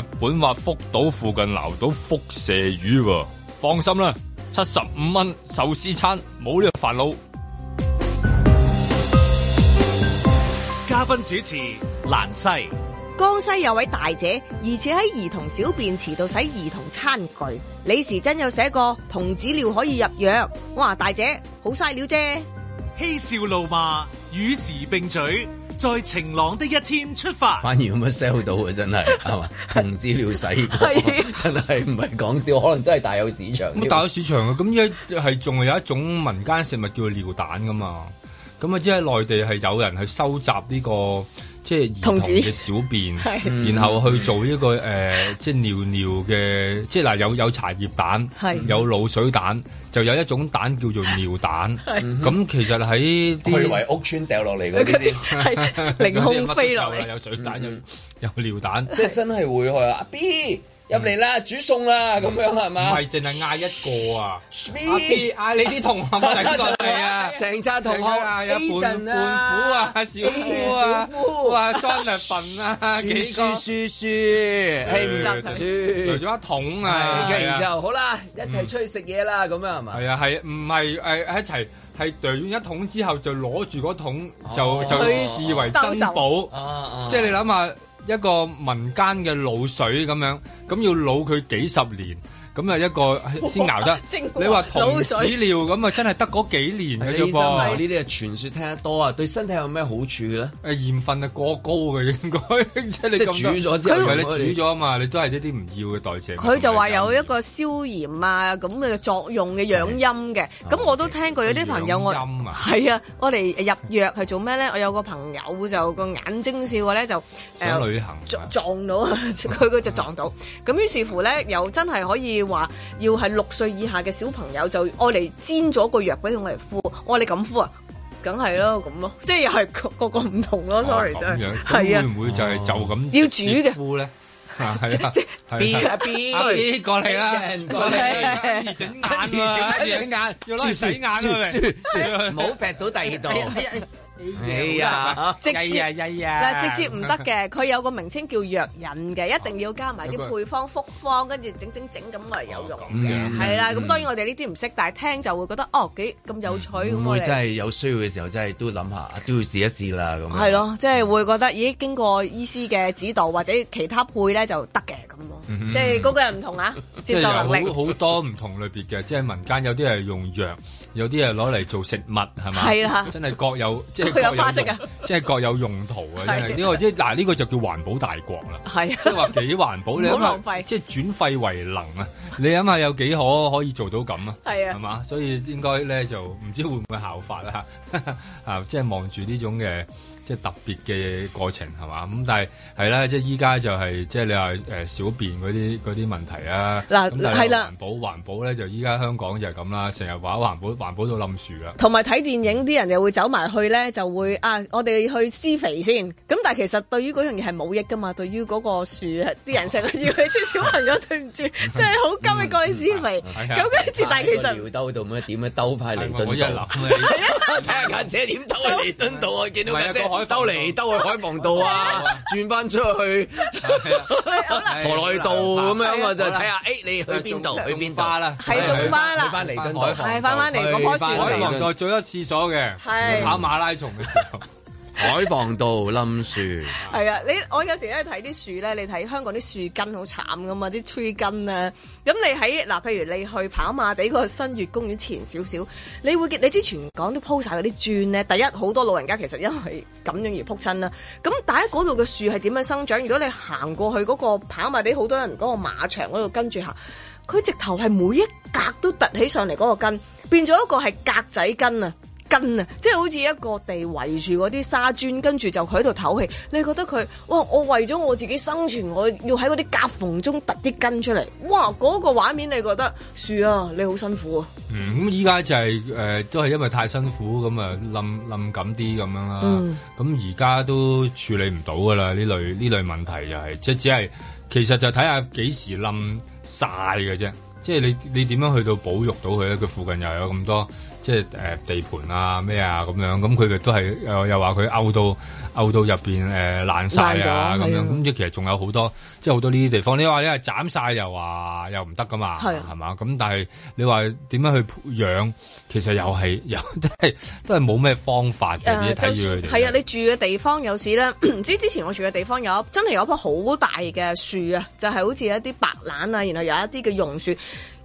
日本話福島附近撈到輻射魚，放心啦，七十五蚊壽司餐，冇呢個煩惱。嘉賓主持。蘭西江西有位大姐，而且喺兒童小便池度洗兒童餐具。李時珍有寫過童子尿可以入藥。哇，大姐好晒料啫，嬉笑怒罵與時並舉，在晴朗的一天出發，反而咁樣 sell 到啊！真係係嘛，童子尿洗過真係唔係講笑，可能真係大有市場。咁大有市場啊！咁依家仲係有一種民間食物叫做尿蛋噶嘛？咁啊，即係內地係有人去收集呢個。即係兒童嘅小便，志然後去做呢個誒、呃，即係尿尿嘅，即係嗱有有茶葉蛋，嗯、哼有鹵水蛋，就有一種蛋叫做尿蛋。咁、嗯、哼其實喺區圍屋村掉落嚟嗰啲，係凌空飛落嚟。有水蛋，有，有尿蛋，嗯、哼 即係真係會去啊！阿 B。入嚟啦，煮餸啦，咁樣係嘛？唔係淨係嗌一個啊，嗌你啲同學仔過嚟啊，成扎同學，伴伴夫啊，少虎啊，哇，真係笨啊，幾輸輸輸，係唔值嘅，輸咗一桶啊，跟住然之後，好啦，一齊出去食嘢啦，咁樣係嘛？係啊，係唔係誒？一齊係贏完一桶之後，就攞住嗰桶就就視為珍寶，即係你諗下。一個民間嘅滷水咁樣，咁要滷佢幾十年。咁啊，一個先熬得。你話童子尿咁啊，真係得嗰幾年嘅啫噃。呢啲啊傳説聽得多啊，對身體有咩好處咧？鹽分啊過高嘅應該，即係你煮咗之後，唔係你煮咗啊嘛，你都係一啲唔要嘅代謝。佢就話有一個消炎啊，咁嘅作用嘅養陰嘅。咁我都聽過有啲朋友，我係啊，我嚟入藥係做咩咧？我有個朋友就個眼睛笑嘅咧，就誒，想旅行撞撞到啊！佢個就撞到，咁於是乎咧，又真係可以。你話要係六歲以下嘅小朋友就愛嚟煎咗個藥俾佢嚟敷，我話你咁敷啊，梗係咯咁咯，即係又係個個唔同咯，sorry 都係。咁啊，會唔會就係就咁要煮嘅敷咧？係啊，變變、啊哎、過嚟啦、啊，過嚟 Genesis. 來，整眼，整眼，要攞洗眼，唔好撇到第二度。啊！直接啊！嗱，直接唔得嘅，佢有個名稱叫藥引嘅，一定要加埋啲配方複方，跟住整整整咁嚟有用嘅。係啦，咁當然我哋呢啲唔識，但係聽就會覺得哦，幾咁有趣。唔會真係有需要嘅時候，真係都諗下，都要試一試啦。咁係咯，即係會覺得咦，經過醫師嘅指導或者其他配咧就得嘅咁咯。即係嗰個人唔同啊，接受能力。好好多唔同類別嘅，即係民間有啲係用藥。有啲啊攞嚟做食物係嘛？係啦，啊、真係各有即係、即係、各有，有花色啊！即係各有用途啊！因為即嗱呢個就叫環保大國啦，即係話幾環保 浪費你諗下，即係轉廢為能啊！你諗下有幾可可以做到咁啊？係啊，係嘛？所以應該咧就唔知會唔會效法啦，即係望住呢種嘅。即係特別嘅過程係嘛咁，但係係啦，即係依家就係即係你話誒小便嗰啲嗰啲問題啊，嗱係啦，環保環保咧就依家香港就係咁啦，成日話環保環保到冧樹啦，同埋睇電影啲人又會走埋去咧，就會啊，我哋去施肥先，咁但係其實對於嗰樣嘢係冇益噶嘛，對於嗰個樹啲人成日要佢啲小朋友對唔住，即係好急嘅過去施肥，咁跟住但係其實，個尿兜度咩點兜派嚟蹲度，係睇下架車點兜嚟蹲度，我見到兜嚟兜去海防道啊，轉翻出去河內道咁樣，我就睇下，誒，你去邊度？去邊度啦？係種花啦，翻嚟海防，翻翻嚟嗰棵樹，海防再做一廁所嘅，跑馬拉松嘅時候。海傍道冧樹係啊！你我有時咧睇啲樹咧，你睇香港啲樹根好慘噶嘛，啲吹根咧、啊。咁你喺嗱，譬如你去跑馬地個新月公園前少少，你會見你之前講啲鋪晒嗰啲磚咧。第一好多老人家其實因為咁樣而仆親啦。咁第一嗰度嘅樹係點樣生長？如果你行過去嗰個跑馬地好多人嗰個馬場嗰度跟住行，佢直頭係每一格都突起上嚟嗰個根，變咗一個係格仔根啊！根啊，即係好似一個地圍住嗰啲沙磚，跟住就佢喺度唞氣。你覺得佢，哇！我為咗我自己生存，我要喺嗰啲夾縫中突啲根出嚟。哇！嗰個畫面，你覺得樹啊，你好辛苦啊。咁依家就係誒，都係因為太辛苦，咁啊冧冧緊啲咁樣啦。咁而家都處理唔到噶啦，呢類呢類問題就係即係只係，其實就睇下幾時冧晒嘅啫。即係你你點樣去到保育到佢咧？佢附近又有咁多。即係誒地盤啊咩啊咁樣，咁佢哋都係誒又話佢拗到拗到入邊誒爛晒啊咁樣，咁即其實仲有好多，即係好多呢啲地方。你話你係斬晒又話又唔得噶嘛，係嘛？咁但係你話點樣去養，其實又係又都係都係冇咩方法嘅。睇住佢哋係啊！你住嘅地方有時咧，唔知之前我住嘅地方有真係有一棵好大嘅樹啊，就係好似一啲白蘭啊，然後有一啲嘅榕樹。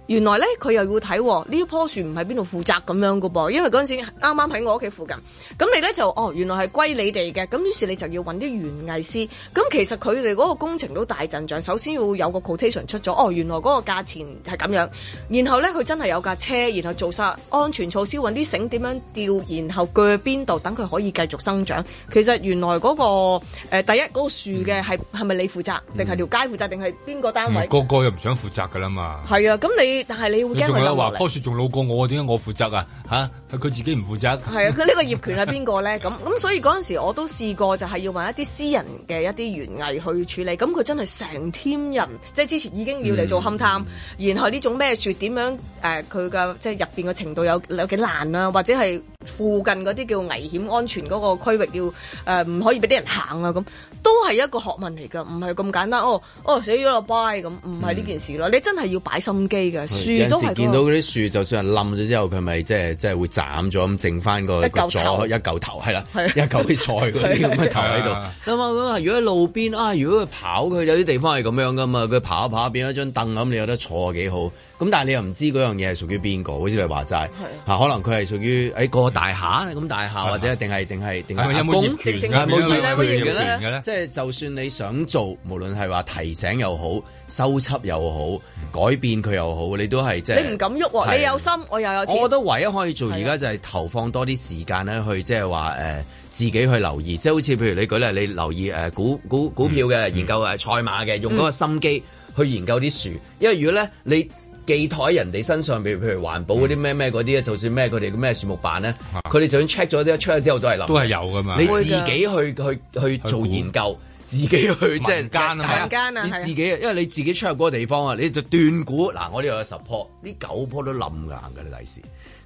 原來咧佢又要睇喔，呢棵樹唔喺邊度負責咁樣嘅噃，因為嗰陣時啱啱喺我屋企附近，咁你咧就哦原來係歸你哋嘅，咁於是你就要揾啲園藝師，咁其實佢哋嗰個工程都大陣仗，首先要有個 quotation 出咗，哦原來嗰個價錢係咁樣，然後咧佢真係有架車，然後做晒安全措施，揾啲繩點樣吊，然後鋸邊度等佢可以繼續生長。其實原來嗰個、呃、第一嗰個樹嘅係係咪你負責，定係條街負責，定係邊個單位？個個又唔想負責嘅啦嘛。係啊，咁你。但係你會驚佢落嚟？仲話棵樹仲老過我，點解我負責啊？吓、啊，係佢自己唔負責。係 啊，佢、這、呢個業權係邊個咧？咁咁， 所以嗰陣時我都試過，就係要問一啲私人嘅一啲園藝去處理。咁佢真係成添人，即、就、係、是、之前已經要嚟做勘探，嗯嗯、然後呢種咩樹點樣？誒、呃，佢嘅即係入邊嘅程度有有幾難啊？或者係附近嗰啲叫危險、安全嗰個區域要誒，唔、呃、可以俾啲人行啊？咁。都係一個學問嚟㗎，唔係咁簡單。哦哦，死咗個拜咁，唔係呢件事咯。嗯、你真係要擺心機嘅是樹都係、嗰個。有時見到嗰啲樹，就算係冧咗之後，佢咪即係即係會斬咗，咁剩返個一個一嚿頭，係啦，的的一嚿啲菜嗰啲咁嘅頭喺度。咁啊咁啊，如果喺路邊啊，如果佢跑，佢有啲地方係咁樣㗎嘛，佢跑一跑變咗張凳咁，你有得坐幾好？咁但係你又唔知嗰樣嘢係屬於邊個，好似你話齋，吓，可能佢係屬於誒個大廈，咁大廈，或者定係定係定係有冇業權嘅咧？即係就算你想做，無論係話提醒又好，收葺又好，改變佢又好，你都係即你唔敢喐，你有心，我又有錢。我覺得唯一可以做而家就係投放多啲時間咧，去即係話誒自己去留意，即係好似譬如你舉例，你留意誒股股股票嘅研究誒賽馬嘅，用嗰個心機去研究啲樹，因為如果咧你。寄託喺人哋身上面，譬如環保嗰啲咩咩嗰啲咧，嗯、就算咩佢哋嘅咩樹木辦咧，佢哋、啊、就算 check 咗啲 check 咗之後都係冧，都係有噶嘛。你自己去的去去做研究，自己去即係猜間啊，間你自己，的因為你自己出入嗰個地方啊，你就斷估嗱、啊，我呢度有十樖，呢九樖都冧噶，你嘅呢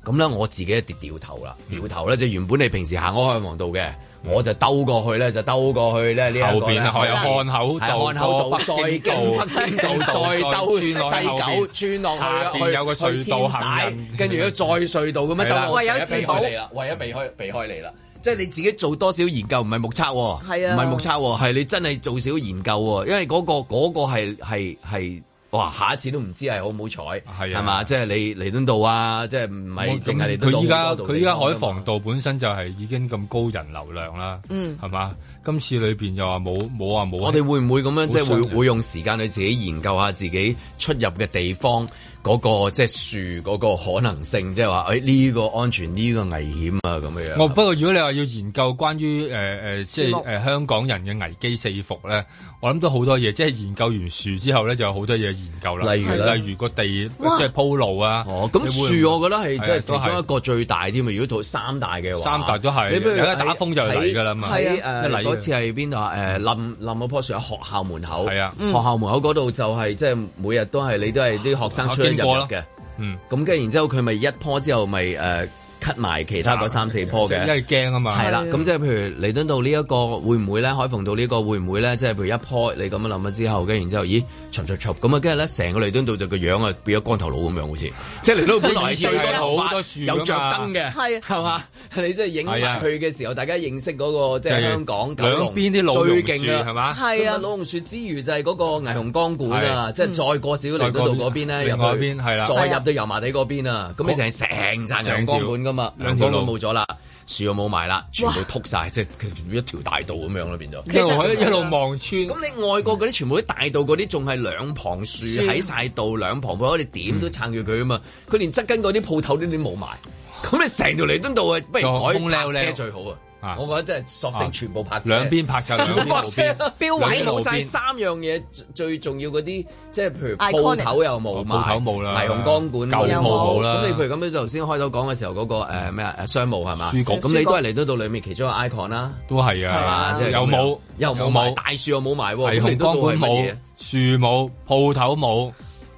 咁咧，我自己一掉掉頭啦，掉頭咧就原本你平時行安漢王道嘅，我就兜過去咧，就兜過去咧呢一個咧，後邊啊，去漢口道，漢口道再經北京道，再兜西九，轉落去。下面有個隧道行，跟住咧再隧道咁樣兜，為咗避開你啦，為咗避開避開你啦，即係你自己做多少研究，唔係目測喎，係啊，唔係目測喎，係你真係做少研究喎，因為嗰個嗰個係係。哇、哦！下一次都唔知係好唔好彩，係啊，嘛，即係你嚟到度啊，即係唔係？佢依家佢依家海防道本身就係已經咁高人流量啦，嗯，係嘛？今次裏邊信就話冇冇啊。冇，我哋會唔會咁樣即係會會用時間去自己研究下自己出入嘅地方？嗰個即係樹嗰個可能性，即係話誒呢個安全呢個危險啊咁樣。我不過如果你話要研究關於誒誒即係誒香港人嘅危機四伏咧，我諗都好多嘢，即係研究完樹之後咧，就有好多嘢研究啦。例如例如個地即係鋪路啊。咁樹我覺得係即係其中一個最大添啊。如果做三大嘅話，三大都係。你不如而家打風就嚟㗎啦嘛。係啊，次係邊度啊？誒冧冧嗰樖樹喺學校門口。係啊，學校門口嗰度就係即係每日都係你都係啲學生出。一樖嘅，入入嗯，咁跟住然之後，佢咪一樖之後咪誒 cut 埋其他嗰三四樖嘅，即係驚啊嘛，係啦，咁即係譬如彌敦道呢一個會唔會咧？海防道呢個會唔會咧？即係譬如一樖你咁樣諗咗之後，跟住然之後咦？嘈嘈嘈咁啊！跟住咧，成個彌敦道就個樣啊，變咗光頭佬咁樣，好似即係彌敦道本來係最多好多樹，有着燈嘅，係係嘛？你即係影埋去嘅時候，大家認識嗰個即係香港兩邊啲路最勁係嘛？係啊！老榕樹之餘就係嗰個霓虹光管啊！即係再過少少彌敦道嗰邊咧，入去再入到油麻地嗰邊啊！咁你成係成盞霓虹光管噶嘛，霓虹都冇咗啦。樹又冇埋啦，全部禿晒，哇即係一條大道咁樣咯變咗。其實我一路望穿。咁、嗯、你外國嗰啲全部啲大道嗰啲仲係兩旁樹喺晒度，樹兩旁鋪你點都撐住佢啊嘛。佢、嗯、連側根嗰啲鋪頭呢啲冇埋。咁哇你成條彌敦道啊，有不如改泊丟車最好啊！我覺得真係索性全部拍兩邊拍晒全部泊車，標位冇晒三樣嘢，最重要嗰啲，即係譬如鋪頭又冇，鋪頭冇啦，霓虹光管、舊冇啦。咁你譬如咁樣頭先開到講嘅時候，嗰個咩商務係嘛？書局？咁你都係嚟得到裡面，其中個 icon 啦，都係啊，有冇又冇大樹又冇埋，霓虹光管冇，樹冇，鋪頭冇，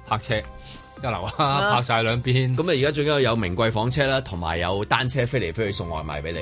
泊車一流啊，拍晒兩邊。咁啊，而家仲有有名貴房車啦，同埋有單車飛嚟飛去送外賣俾你。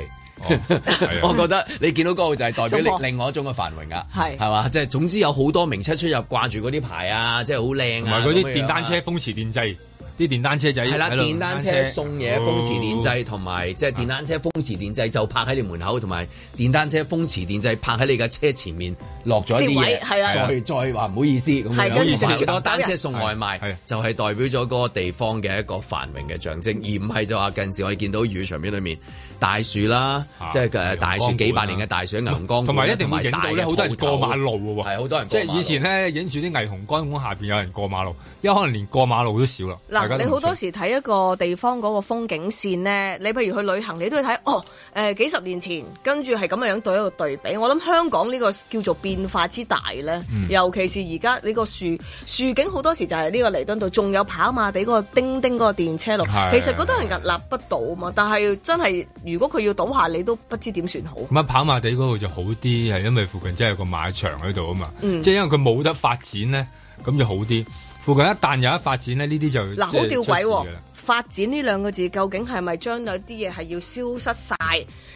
我覺得你見到嗰個就係代表另外一種嘅繁榮噶，係係嘛？即係總之有好多名車出入掛住嗰啲牌啊，即係好靚啊！同埋嗰啲電單車風馳電掣，啲電單車就係啦，電單車送嘢風馳電掣，同埋即係電單車風馳電掣就泊喺你門口，同埋電單車風馳電掣泊喺你架車前面落咗啲嘢，係啊，再再話唔好意思咁樣，好多單車送外賣，就係代表咗嗰個地方嘅一個繁榮嘅象徵，而唔係就話近時我哋見到雨場面裏面。大樹啦，即係誒大樹幾百年嘅大樹，銀、啊、江同埋一定會影到咧，好多人過馬路喎、啊，好多人。即係以前咧影住啲霓虹光，下邊有人過馬路，而家可能連過馬路都少啦。嗱、啊，你好多時睇一個地方嗰個風景線咧，你譬如去旅行，你都要睇哦。誒、呃、幾十年前跟住係咁嘅樣對一個對比，我諗香港呢個叫做變化之大咧，嗯、尤其是而家呢個樹樹景好多時就係呢個彌敦道，仲有跑馬地嗰個叮叮嗰個電車路，是其實嗰都係屹立不倒啊嘛。但係真係。如果佢要倒下，你都不知點算好。咁跑馬地嗰度就好啲，係因為附近真係有個馬場喺度啊嘛，即係、嗯、因為佢冇得發展咧，咁就好啲。附近一旦有得發展咧，呢啲就嗱、啊、好吊鬼喎、哦。發展呢兩個字究竟係咪將有啲嘢係要消失晒，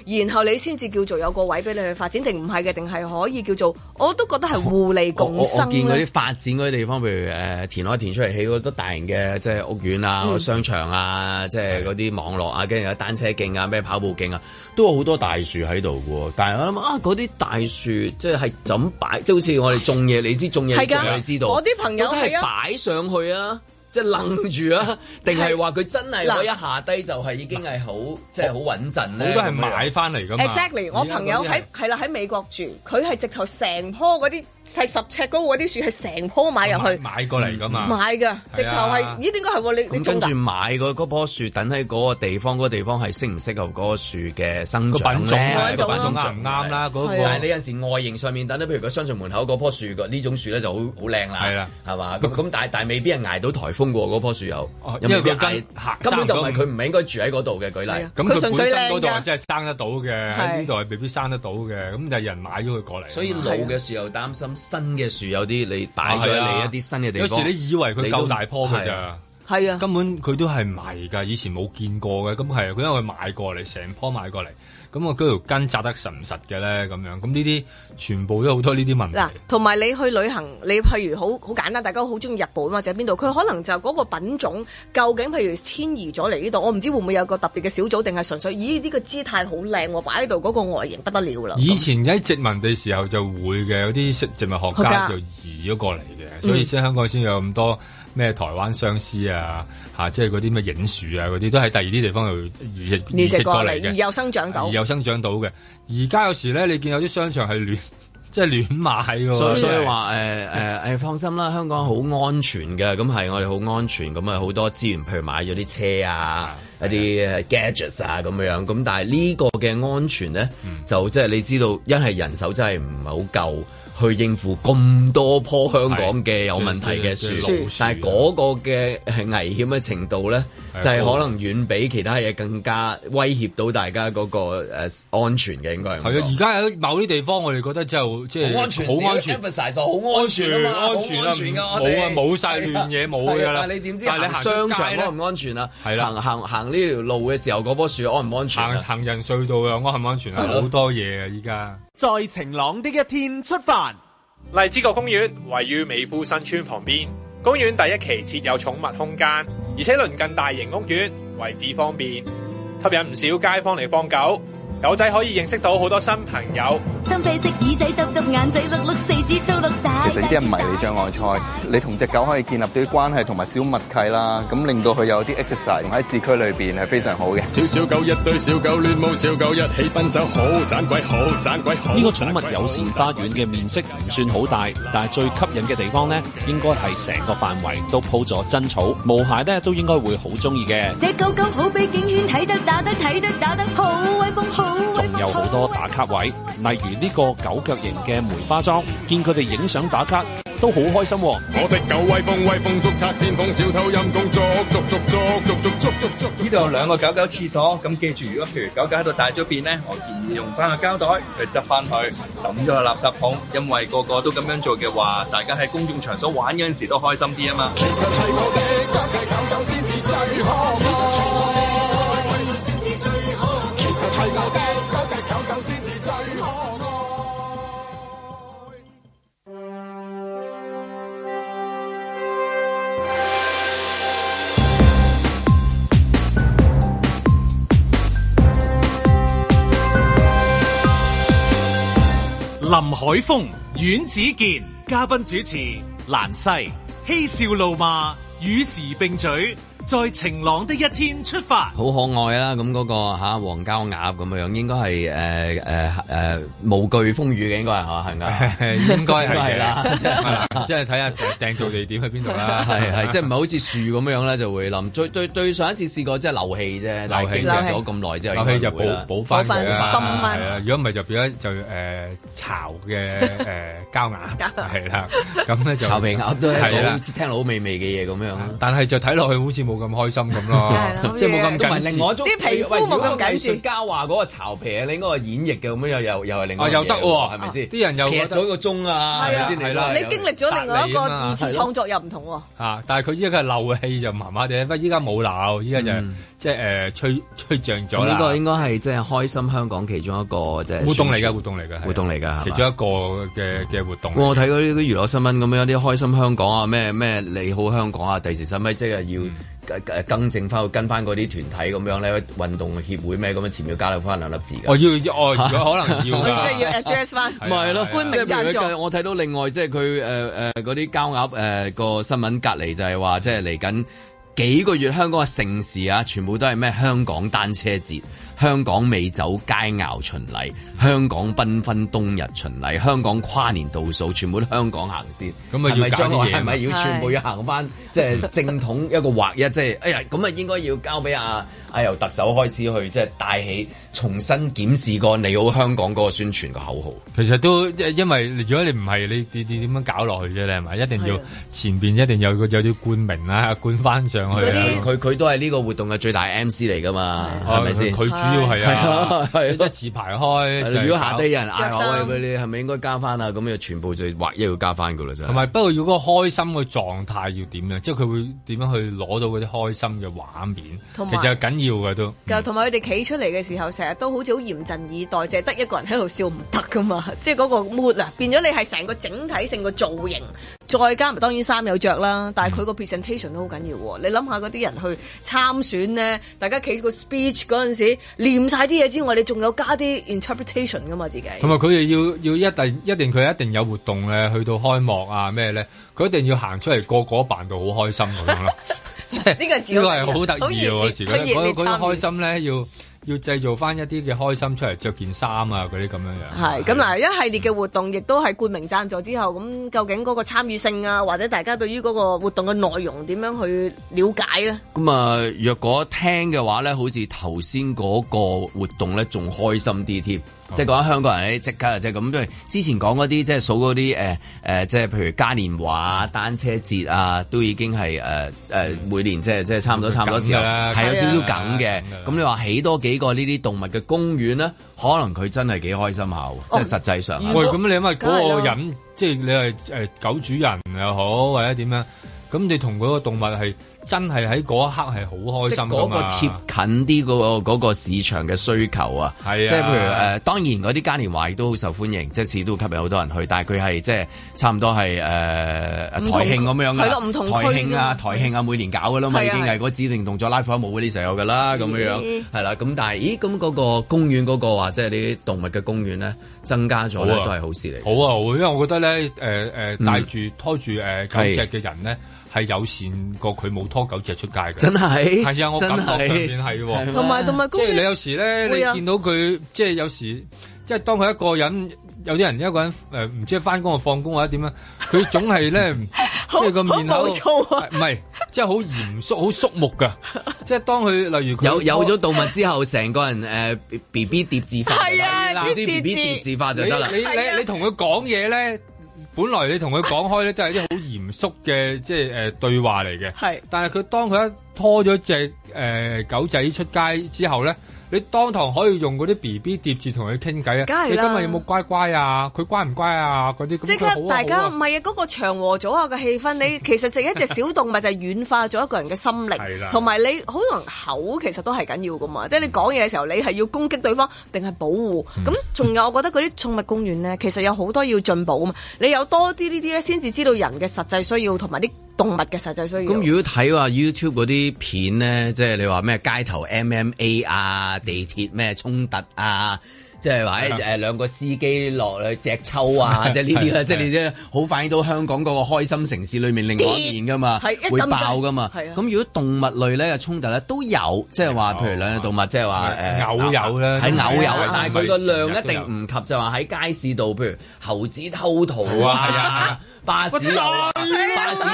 然後你先至叫做有個位俾你去發展，定唔係嘅？定係可以叫做？我都覺得係互利共生。我我見啲發展嗰啲地方，譬如誒填海填出嚟，起好多大型嘅即係屋苑啊、商場啊，即係嗰啲網絡啊，跟住有單車徑啊、咩跑步徑啊，都有好多大樹喺度嘅。但係我諗啊，嗰啲大樹即係就咁擺，即係好似我哋種嘢，你知種嘢，你知知道。我啲朋友係擺上去啊。即係擸住啊？定係話佢真係攞一下低就係已經係好，即係好穩陣咧？應該係買翻嚟噶嘛？Exactly，我朋友喺係啦喺美國住，佢係直頭成棵嗰啲係十尺高嗰啲樹，係成棵買入去買。買過嚟噶嘛？買㗎，直頭係咦？點解係喎？你跟住買嗰嗰棵樹，等喺嗰個地方，嗰個地方係適唔適合嗰個樹嘅生長咧？個品種，品種啊，個品種唔啱、啊啊、啦。係、那個、啊，但你有陣時外形上面等咧，譬如佢商場門口嗰棵樹呢種樹咧就好好靚啦，係啦，係嘛、啊？咁吧但係但係未必係捱到颱風。過棵樹有，哦，因為佢根根本就係佢唔係應該住喺嗰度嘅。舉例，咁佢，啊，本身嗰度真係生得到嘅，喺呢度係未必生得到嘅。咁就，啊，有人買咗佢過嚟。所以老嘅樹又擔心新嘅樹有啲你帶咗你一啲新嘅地方。啊，有時你以為佢夠大棵嘅咋，係啊，啊、根，根本佢都係唔係噶，以前冇見過嘅。咁係，佢因為買過嚟，成棵買過嚟。咁我嗰條根扎得實唔實嘅咧？咁樣咁呢啲全部都好多呢啲問題。同埋你去旅行，你譬如好好簡單，大家好中意日本或者邊度？佢可能就嗰個品種究竟譬如遷移咗嚟呢度，我唔知會唔會有個特別嘅小組，定係純粹？咦，呢個姿態好靚，擺喺度嗰個外形不得了啦！以前喺殖民地時候就會嘅，有啲植植物學家就移咗過嚟嘅，家所以先香港先有咁多。嗯咩台灣相思啊，嚇、啊！即係嗰啲咩影樹啊，嗰啲都喺第二啲地方度移，移植過嚟而又生長到，而又生長到嘅。而家有，有時咧，你見有啲商場係亂，即係亂買喎。所以話誒誒誒，放心啦，香港好安全嘅，咁係我哋好安全，咁啊好多資源，譬如買咗啲車啊，一啲 gadgets 啊咁樣。咁但係呢個嘅安全咧，嗯、就即係你知道，因係人手真係唔係好夠。去應付咁多棵香港嘅有問題嘅樹，但係嗰個嘅危險嘅程度咧，就係可能遠比其他嘢更加威脅到大家嗰個安全嘅，應該係。係啊，而家有某啲地方，我哋覺得真係好即係好安全，好安全，好安全，安全啊！冇啊，冇晒亂嘢，冇㗎啦。但係你點知你行商場安唔安全啊？行行行呢條路嘅時候，嗰棵樹安唔安全？行人隧道呀，安唔安全啊？好多嘢啊，依家。在晴朗的一天出發，荔枝角公園位於美孚新村旁邊，公園第一期設有寵物空間，而且鄰近大型屋苑，位置方便，吸引唔少街坊嚟放狗。狗仔可以認識到好多新朋友，深啡色耳仔，揼揼，眼仔碌碌，四肢粗碌打。其實呢啲唔係你障礙賽，你同隻狗可以建立啲關係同埋小默契啦，咁令到佢有啲 exercise。喺市區裏邊係非常好嘅。小小狗，一對小狗亂毛，小狗一起奔走，好盞鬼，好盞鬼，好。呢個寵物友善花園嘅面積唔算好大，但係最吸引嘅地方呢，應該係成個範圍都鋪咗真草，毛孩呢，都應該會好中意嘅。隻狗狗好，俾警犬睇得打得，睇得打得，好威風好。仲有好多打卡位，例如呢個狗腳形嘅梅花樁，見佢哋影相打卡都好開心啊。我的狗威風，威風捉賊先鋒，小偷陰公，捉捉捉捉捉捉捉捉。捉。呢度有兩個狗狗廁所，咁記住，如果譬如狗狗喺度大咗便咧，我建議用翻個膠袋去執翻去抌咗去垃圾桶，因為個個都咁樣做嘅話，大家喺公眾場所玩嗰陣時都開心啲啊嘛。其實係我嘅狗狗先至。實係我的嗰隻狗狗先至最可愛。林海峰、阮子健，嘉賓主持，蘭西，嬉笑怒罵，與時並舉。在晴朗的一天出發，好可愛啊！咁嗰個嚇黃膠鴨咁樣，應該係誒誒誒無懼風雨嘅應該嚇係㗎，應該係嘅。即係睇下訂做地點喺邊度啦。係係，即係唔係好似樹咁樣咧就會冧。最對對上一次試過即係漏氣啫，漏咗咁耐之後漏氣就補補翻嘅。如果唔係就變咗就誒巢嘅誒膠鴨。係啦，咁咧就巢皮鴨都係。好似聽到好美味嘅嘢咁樣。但係就睇落去好似冇。冇咁開心咁咯，即係冇咁唔另外啲皮膚冇咁計算。膠話嗰個巢皮啊，你應該係演繹嘅咁樣又又係另外。啊，又得喎，係咪先？啲人又劇咗一個鐘啊，係咪先？你經歷咗另外一個二次創作又唔同喎。但係佢依家嘅漏氣就麻麻地，不過依家冇鬧，依家就即係誒吹吹漲咗。呢個應該係即係開心香港其中一個即係活動嚟嘅，活動嚟嘅，活動嚟嘅，其中一個嘅嘅活動。我睇過啲娛樂新聞咁樣啲開心香港啊，咩咩你好香港啊，第時使咪即係要。誒更正翻，跟翻嗰啲團體咁樣咧，運動協會咩咁樣，前面加落翻兩粒字。我要哦，啊、 如果可能要啦，即係 要 address 翻。唔係咯，官民站助。我睇到另外即係佢誒誒嗰啲膠鴨誒個新聞隔籬就係話，即係嚟緊幾個月香港嘅盛事啊，全部都係咩香港單車節、香港美酒佳餚巡禮。香港繽紛冬日巡禮，香港跨年倒數，全部都香港行先。咁啊要將係咪要全部要行翻，即係正統一個劃一，即係哎呀，咁啊應該要交俾阿阿由特首開始去，即係帶起，重新檢視過你好香港嗰個宣傳嘅口號。其實都即因為，如果你唔係你你你點樣搞落去啫？你係咪一定要前邊一定有個有啲冠名啦，冠翻上去。佢佢都係呢個活動嘅最大 M C 嚟噶嘛？係咪先？佢主要係啊，係一字排開。如果下低有人嗌我，心你係咪應該加翻啊？咁就全部就唯一要加翻噶啦，真係。同埋不過要嗰個開心嘅狀態要點樣？即係佢會點樣去攞到嗰啲開心嘅畫面？有其實緊要嘅都。同埋佢哋企出嚟嘅時候，成日都好似好嚴陣以待，淨係得一個人喺度笑唔得噶嘛。即係嗰個 mood 啊，變咗你係成個整體性嘅造型。嗯。再加埋當然衫有着啦，但係佢個 presentation 都好緊要喎。你諗下嗰啲人去參選咧，大家企個 speech 嗰陣時，唸晒啲嘢之外，你仲有加啲 interpretation 㗎嘛？自己同埋佢哋要要一定一定，佢一定有活動咧，去到開幕啊咩咧，佢一定要行出嚟個個扮到好開心咁樣咯。呢個係好得意喎，時嗰嗰啲開心咧要。要製造翻一啲嘅開心出嚟，着件衫啊，嗰啲咁樣樣。係，咁嗱一系列嘅活動，嗯、亦都係冠名贊助之後，咁究竟嗰個參與性啊，或者大家對於嗰個活動嘅內容點樣去了解咧？咁啊，若果聽嘅話咧，好似頭先嗰個活動咧，仲開心啲添。即係講香港人咧，即係即係咁，因為之前講嗰啲，即係數嗰啲誒誒，即係譬如嘉年華、單車節啊，都已經係誒誒，每年即係即係差唔多差唔多時候，係有少少梗嘅。咁、嗯嗯嗯、你話起多幾個呢啲動物嘅公園咧，可能佢真係幾開心下喎，嗯、即係實際上。嗯、喂，咁你因為嗰個人，即係加油、你係誒狗主人又好，或者點樣，咁你同嗰個動物係？真係喺嗰一刻係好開心啊！即嗰個貼近啲嗰個市場嘅需求啊！係啊，即係譬如誒，當然嗰啲嘉年華亦都好受歡迎，即係始終都吸引好多人去。但係佢係即係差唔多係誒台慶咁樣，係咯，唔同區台慶啊，台慶啊，每年搞嘅啦嘛，已經係嗰指定動作 live show 冇呢成有㗎啦，咁樣樣係啦。咁但係咦，咁嗰個公園嗰個話，即係啲動物嘅公園咧，增加咗咧，都係好事嚟。好啊，因為我覺得咧，誒誒帶住拖住誒狗隻嘅人咧。係友善過佢冇拖狗隻出街嘅，真係係啊！我感覺上面係喎，同埋同埋即係你有時咧，你見到佢即係有時，即係當佢一個人，有啲人一個人誒，唔知係翻工啊、放工或者點樣，佢總係咧，即係個面口唔係，即係好嚴肅、好肅穆噶。即係當佢例如佢有有咗動物之後，成個人誒，B B 疊字化，點知 B B 疊字化就得啦。你你你同佢講嘢咧。本來你同佢講開咧，都係啲好嚴肅嘅，即係誒對話嚟嘅。係，但係佢當佢一拖咗隻，誒狗仔出街之後咧，你當堂可以用嗰啲 BB 疊字同佢傾偈啊！你今日有冇乖乖啊？佢乖唔乖啊？嗰啲即刻大家唔係啊！嗰個祥和咗啊個氣氛，你其實就一隻小動物就軟化咗一個人嘅心靈，同埋你好人口其實都係緊要噶嘛！即係你講嘢嘅時候，你係要攻擊對方定係保護？咁仲有我覺得嗰啲寵物公園咧，其實有好多要進步啊嘛！你有多啲呢啲咧，先至知道人嘅實際需要同埋啲。動物嘅實際需要。咁如果睇話 YouTube 嗰啲片咧，即係你話咩街頭 MMA 啊、地鐵咩衝突啊，即係話誒兩個司機落去隻揪啊，即係呢啲啦，即係你啫，好反映到香港嗰個開心城市裏面另外一面噶嘛，會爆噶嘛。咁如果動物類咧嘅衝突咧都有，即係話譬如兩隻動物，即係話誒偶有咧，係偶有，但係佢個量一定唔及就話喺街市度，譬如猴子偷桃啊。巴士巴士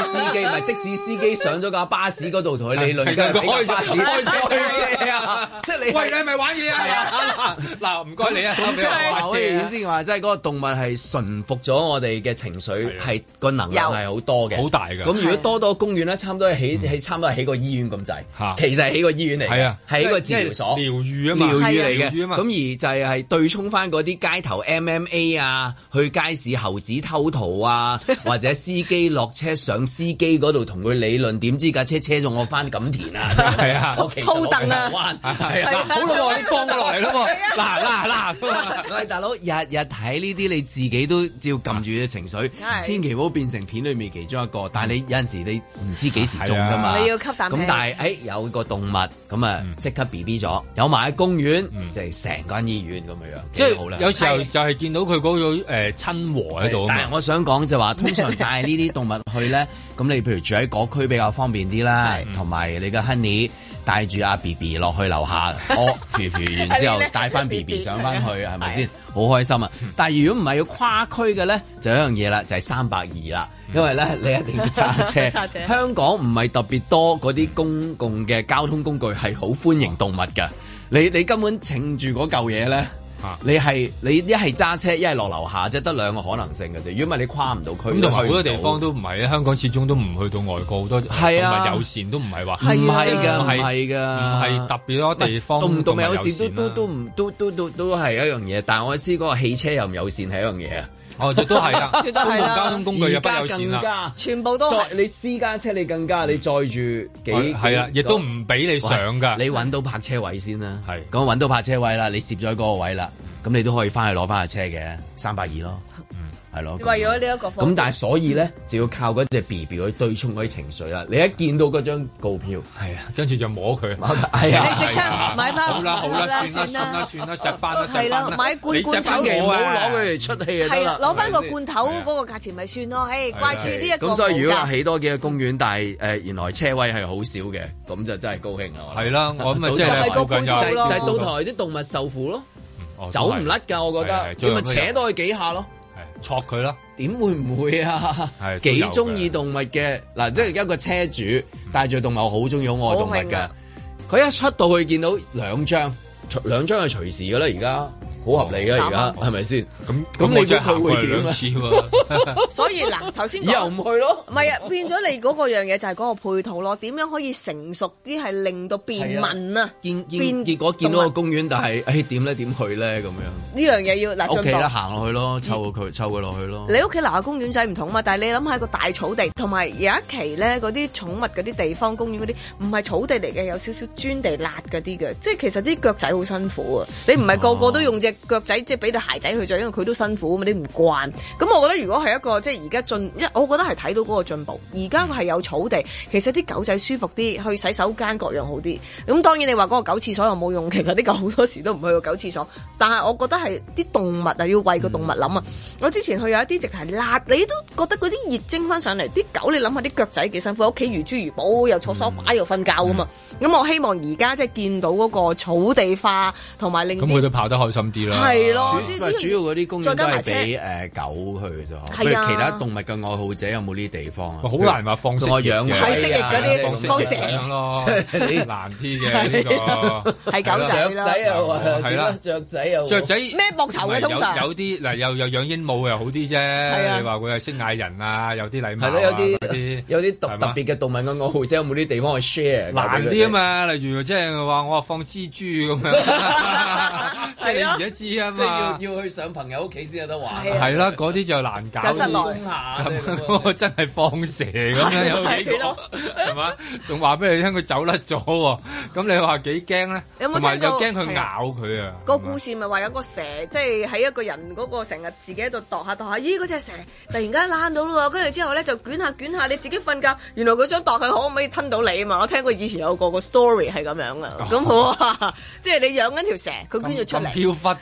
司機唔係的士司機上咗架巴士嗰度同佢理論，而家俾巴士開車啊！即係你喂，你係咪玩嘢啊！嗱唔該你啊！我哋以先話，即係嗰個動物係順服咗我哋嘅情緒，係個能量係好多嘅，好大嘅。咁如果多多公園咧，差唔多係起起，差唔多係起個醫院咁滯，其實係起個醫院嚟，係啊，係一個治療所，療愈啊嘛，療愈嚟嘅。咁而就係係對沖翻嗰啲街頭 MMA 啊，去街市猴子偷桃啊。或者司機落車上司機嗰度同佢理論，點知架車車咗我翻錦田啊？係啊，拖登啊！係啊，好耐先放過嚟咯噃。嗱嗱嗱，係大佬日日睇呢啲，你自己都照撳住嘅情緒，千祈唔好變成片裏面其中一個。但係你有陣時你唔知幾時中㗎嘛？你要吸啖氣。咁但係誒有個動物咁啊，即刻 B B 咗，有埋喺公園，即係成間醫院咁樣樣，即係有時候就係見到佢嗰種誒親和喺度。但係我想講就話。通常帶呢啲動物去咧，咁你譬如住喺嗰區比較方便啲啦，同埋、嗯、你嘅 Honey 帶住阿 BB 落去樓下哦， poo poo 完之後帶翻 BB 上翻去，係咪先？好、啊、開心啊！但係如果唔係要跨區嘅咧，就一樣嘢啦，就係三百二啦，嗯、因為咧你一定要揸車。 揸車。香港唔係特別多嗰啲公共嘅交通工具係好歡迎動物嘅，嗯、你你根本請住嗰嚿嘢咧。你係你一係揸車一係落樓下啫，即係得兩個可能性嘅啫。如果唔係你跨唔到區。咁同埋好多地方都唔係香港始終都唔去到外國好多。係啊，唔有線都唔係話。係唔係㗎？唔係㗎。唔係是特別多地方。唔唔有線都都都唔都都都都係一樣嘢。但係我意思嗰個汽車又唔有線係一樣嘢啊。哦，亦都係啦，全部 交通工具又唔友善啦，以全部都以你私家車你更加，嗯、你載住幾係啊，亦個都唔俾你上噶，你揾到泊車位先啦，係的，咁揾到泊車位啦，你攝咗喺嗰個位啦，咁你都可以翻去攞翻架車嘅三百二咯。係咯，為咗呢一個咁，但係所以咧就要靠嗰隻 BB 去對沖嗰啲情緒啦。你一見到嗰張告票，係啊，跟住就摸佢，買翻，好啦好啦，算啦算啦，食翻啦，係啦，買罐罐頭啊，唔好攞佢哋出氣啊，係攞翻個罐頭嗰個價錢咪算咯。唉，掛住啲咁，所以如果話起多幾個公園，但係誒原來車位係好少嘅，咁就真係高興啦。係啦，我咪即係到台個公夠咯，就係到台啲動物受苦咯，走唔甩噶，我覺得你咪扯多佢幾下咯。捉佢啦，點會唔會啊？幾中意動物嘅嗱、啊，即係而家個車主帶住動物，好中意愛動物嘅。佢、啊、一出到去見到兩張，兩張係隨時嘅啦。而家。好合理㗎而家，係咪先？咁咁你再行去兩次喎。所以嗱，頭先又唔去咯。唔係啊，變咗你嗰個樣嘢就係嗰個配套咯。點樣可以成熟啲，係令到便民啊？見結果見到個公園，但係誒點咧？點去咧？咁樣呢樣嘢要嗱進步。屋企啦，行落去咯，湊佢湊佢落去咯。你屋企樓下公園仔唔同嘛？但係你諗下個大草地，同埋有一期咧嗰啲寵物嗰啲地方公園嗰啲，唔係草地嚟嘅，有少少磚地辣嗰啲嘅，即係其實啲腳仔好辛苦啊！你唔係個個都用隻。腳仔即係俾對鞋仔去着，因為佢都辛苦啊嘛，啲唔慣。咁我覺得如果係一個即係而家進，即我覺得係睇到嗰個進步。而家係有草地，其實啲狗仔舒服啲，去洗手間各樣好啲。咁當然你話嗰個狗廁所又冇用，其實啲狗好多時都唔去個狗廁所。但係我覺得係啲動物啊，要喂個動物諗啊。我之前去有一啲直情係辣，你都覺得嗰啲熱蒸翻上嚟，啲狗你諗下啲腳仔幾辛苦，屋企如珠如寶又坐梳化又瞓覺啊嘛。咁我希望而家即係見到嗰個草地化同埋令，咁佢都跑得開心啲。係咯，主要嗰啲公園都係俾誒狗去咗，所以其他動物嘅愛好者有冇呢啲地方啊？好難話放，我養蜥蜴嗰啲放蛇咁樣咯，呢難啲嘅呢個係狗仔咯，係啦，雀仔雀仔咩膊頭嘅通常有啲嗱，又又養鸚鵡又好啲啫，你話佢係識嗌人啊，有啲禮貌啊，有啲有啲特特別嘅動物嘅愛好者有冇啲地方去 share？難啲啊嘛，例如即係話我放蜘蛛咁樣，即係知啊嘛，即係要要去上朋友屋企先有得玩。係啦 嗰啲就難搞，要攻下。我真係放蛇咁樣有幾 多？係嘛？仲話俾你聽佢走甩咗喎，咁你話幾驚咧？唔係就驚佢咬佢啊？啊個故事咪話有個蛇，即係喺一個人嗰、嗰個成日自己喺度度下度下，咦嗰隻蛇突然間攔到啦喎，跟住之後咧就捲下捲下，你自己瞓覺，原來佢想度佢可唔可以吞到你啊嘛？我聽過以前有個、嗰個 story 係咁樣啊，咁好啊，即係、嗯就係、你養緊條蛇，佢捐咗出嚟，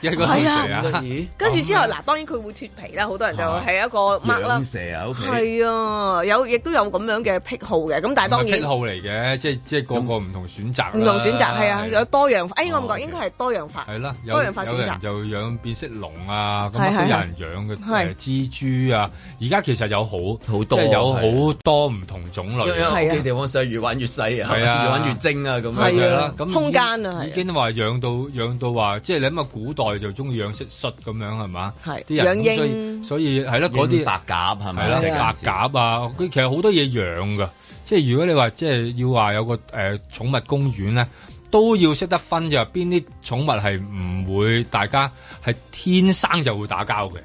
係啊，跟住之後嗱，當然佢會脫皮啦。好多人就係一個掹啦，係啊，有亦都有咁樣嘅癖好嘅。咁但係當然癖好嚟嘅，即係即係個個唔同選擇，唔同選擇係，啊，有多樣化。誒，我唔覺應該係多樣化，係啦，多樣化選擇。有人就養變色龍啊，咁啊都有人養譬如蜘蛛啊。而家其實有好即係有好多唔同種類，有啲地方細，越玩越細啊，係啊，越玩越精啊咁，係啊，咁空間啊，已經話養到養到話，即係你諗下古代。就中意養蟋蟀咁樣係嘛？係啲係人養所，所以所以係咯，啲白鴿係咪啦？白鴿啊，佢其實好多嘢養噶。嗯、即係如果你話即係要話有個誒寵物公園咧，都要識得分嘅，邊啲寵物係唔會大家係天生就會打交嘅。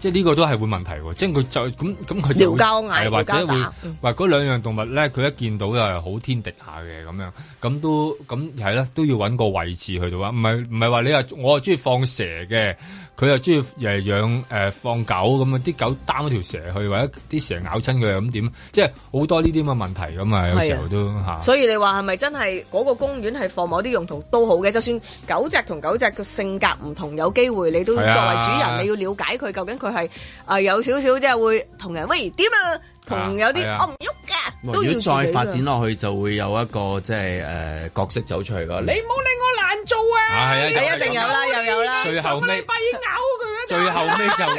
即係呢個都係會問題喎，即係佢就咁咁佢就係或者會嬌或嗰兩樣動物咧，佢、嗯、一見到又係好天敵下嘅咁樣，咁都咁係啦，都要揾個位置去到啊，唔係唔係話你話我啊中意放蛇嘅，佢又中意誒養誒、呃、放狗咁啊，啲狗擔咗條蛇去，或者啲蛇咬親佢咁點？即係好多呢啲咁嘅問題咁啊，有時候都是、啊啊、所以你話係咪真係嗰個公園係放某啲用途都好嘅？就算狗隻同狗隻嘅性格唔同，有機會你都作為，你作為主人，你要了解佢究竟佢。係啊，有少少即係會同人喂點啊，同有啲我唔喐噶。如果再發展落去，就會有一個即係誒角色走出嚟咯。你唔好令我難做啊！係啊，一定有啦，又有啦。最後尾，最後尾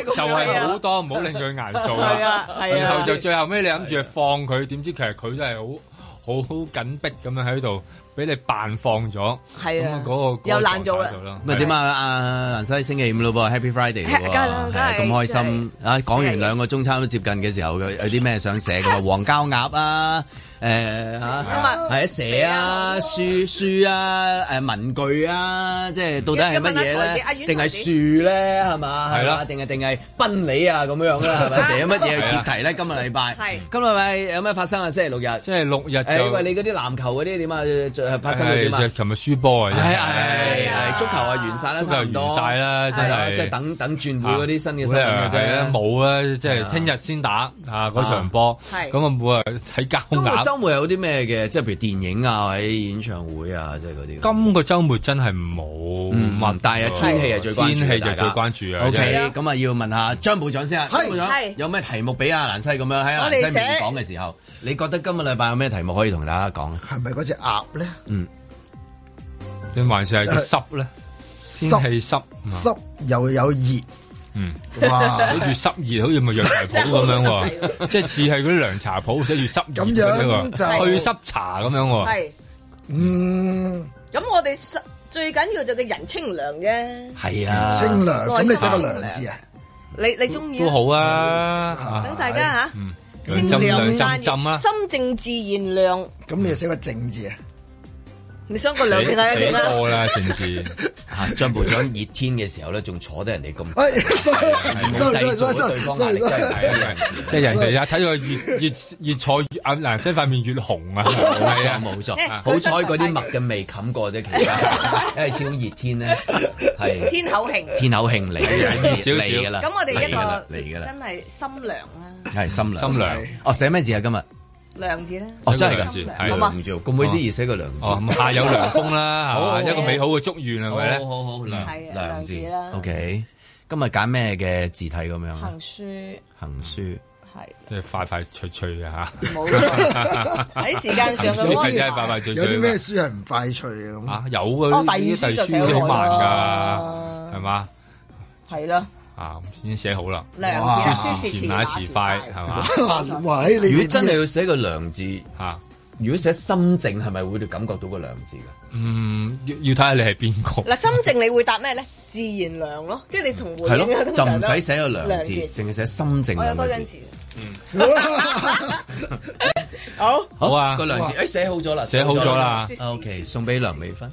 就就係好多，唔好令佢難做。然後就最後尾，你諗住放佢，點知其實佢都係好好緊逼咁樣喺度。俾你扮放咗，係啊，咁啊嗰個、那個、又爛咗啦。咪點是啊，阿、啊、蘭西星期五咯噃，Happy Friday，梗係梗係咁開心。就是、啊，講完兩個中餐都接近嘅時候，有有啲咩想寫嘅嘛？黃膠鴨啊！ 誒嚇，係啊，寫啊書書啊誒文具啊，即係到底係乜嘢咧？定係樹咧係嘛？係啦，定係定係賓利啊咁樣啦，係咪？寫乜嘢結題咧？今日禮拜，今日咪有咩發生啊？星期六日，星期六日誒，你嗰啲籃球嗰啲點啊？發生咗點啊？琴日輸波啊！足球啊完晒啦，差唔多完晒啦，真係即係等等轉會嗰啲新嘅新聞冇啊，即係聽日先打啊嗰場波，咁啊冇啊睇交鋁。周末有啲咩嘅？即係譬如電影啊，或者演唱會啊，即係嗰啲。今個周末真係冇問，但係天氣係最關注嘅。天氣就最關注啦。OK，咁啊要問下張部長先啊，張是部長是有咩題目俾阿蘭西咁樣喺蘭西面講嘅時候，你覺得今個禮拜有咩題目可以同大家講咧？係咪嗰隻鴨咧？嗯，定還是係濕咧？濕天氣濕，濕又有熱。嗯，哇，好似濕熱，好似咪藥材鋪咁樣，即係似係嗰啲涼茶鋪寫住濕熱嘅，去濕茶咁樣。係，嗯。咁我哋最緊要就個人清涼啫，係啊，清涼，咁你寫個涼字啊？你你中意都好啊。等大家吓，清浸涼浸浸，心靜自然涼。咁你寫個靜字啊？你想過兩年係一啦，多啦，知唔知？張部長熱天嘅時候咧，仲坐得人哋咁，製造對方壓力真係，即係人哋啊，睇到越越越坐，越，嗱，身塊面越紅啊，冇錯冇錯，好彩嗰啲墨嘅未冚過啫，其實，因為始終熱天咧，係天口慶，天口慶嚟少嚟噶啦，咁我哋一個嚟噶啦，真係心涼啊，係心涼心涼。哦，寫咩字啊？今日？梁字咧，哦真係噶，係唔錯，咁有意思，而且個梁字，哦，夏有涼風啦，好，嘛，一個美好嘅祝願係咪咧？好好好，梁字啦。O K，今日揀咩嘅字體咁樣？行書，行書係，即係快快脆脆嘅吓。喺時間上真係快快脆，有啲咩書係唔快脆嘅？啊，有嘅，哦，第二書就好慢噶，係嘛？係囉。啊，先寫好啦，梁字前乃遲快係嘛？如果真係要寫個梁字吓，如果寫心靜係咪會哋感覺到個梁字嘅？嗯，要要睇下你係邊個。嗱，心靜你會答咩咧？自然涼咯，即係你同回應通常就唔使寫個梁字，淨係寫心靜。我要多陣字。嗯，好，好啊，個梁字，哎，寫好咗啦，寫好咗啦，OK，送俾梁美芬。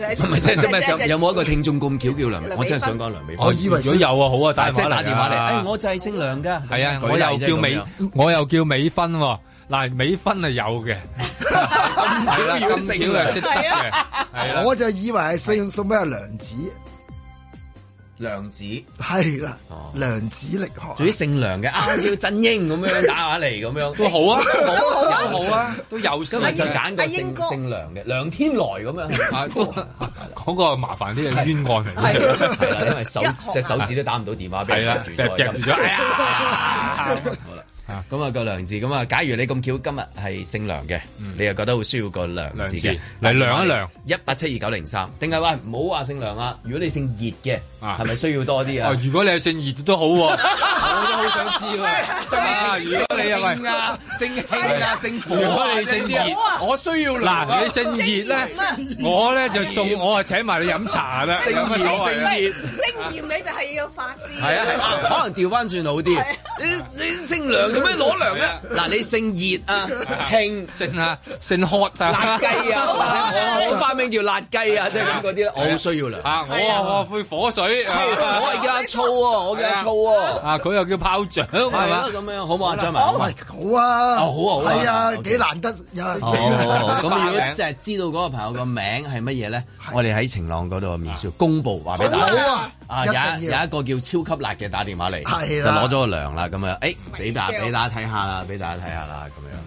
唔係即係， 有冇一個聽眾咁巧叫梁？我真係想講梁美芬。我以為如果有啊，好啊，打即係打電話嚟，哎。我就係姓梁嘅。係啊，我，我又叫美，我又叫美芬，哦。嗱， 美芬係有嘅。咁巧啊，識得嘅。係我就以為係姓，送畀阿梁子。梁子係啦，梁子力學，做啲姓梁嘅，叫振英咁樣打下嚟咁樣都好啊，又好啊，都有，今日就揀個姓姓梁嘅，梁天來咁樣，啊，個麻煩啲嘅冤案嚟嘅，因為手隻手指都打唔到電話，係啦，咁啊個梁字，咁啊假如你咁巧今日係姓梁嘅，你又覺得會需要個梁字嘅，嚟量一量一八七二九零三，定係話唔好話姓梁啊？如果你姓葉嘅，係咪需要多啲啊？如果你係姓葉都好，我都好想知啊！姓啊，如果你係咪姓慶啊？姓火？如果你姓葉，我需要嗱，你姓葉咧，我咧就送我啊，請埋你飲茶啦！姓葉，姓葉，姓葉你就係要發師係啊，可能調翻轉好啲，你你姓梁。咩攞糧咧？嗱，你姓熱啊，姓姓 hot 啊，辣雞啊，我花名叫辣雞啊，即係咁嗰啲我好需要糧啊，我啊杯火水，我而家醋喎，我而家醋喎。啊，佢又叫炮仗，係咪啊？咁樣好嘛，張文。好啊，好啊，好啊。幾難得呀！咁如果即係知道嗰個朋友個名係乜嘢咧，我哋喺晴朗嗰度面書公布話俾大家。好啊，有有一個叫超級辣嘅打電話嚟，就攞咗個糧啦。咁啊，誒俾廿。俾大家睇下啦，俾大家睇下啦，咁樣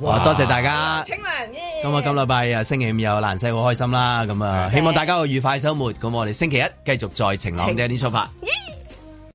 哇，多謝大家。清涼耶！咁、yeah. 啊，今禮拜啊，星期五有蘭西好開心啦，咁啊，Yeah. 希望大家個愉快周末。咁我哋星期一繼續再晴朗啲出發。Yeah.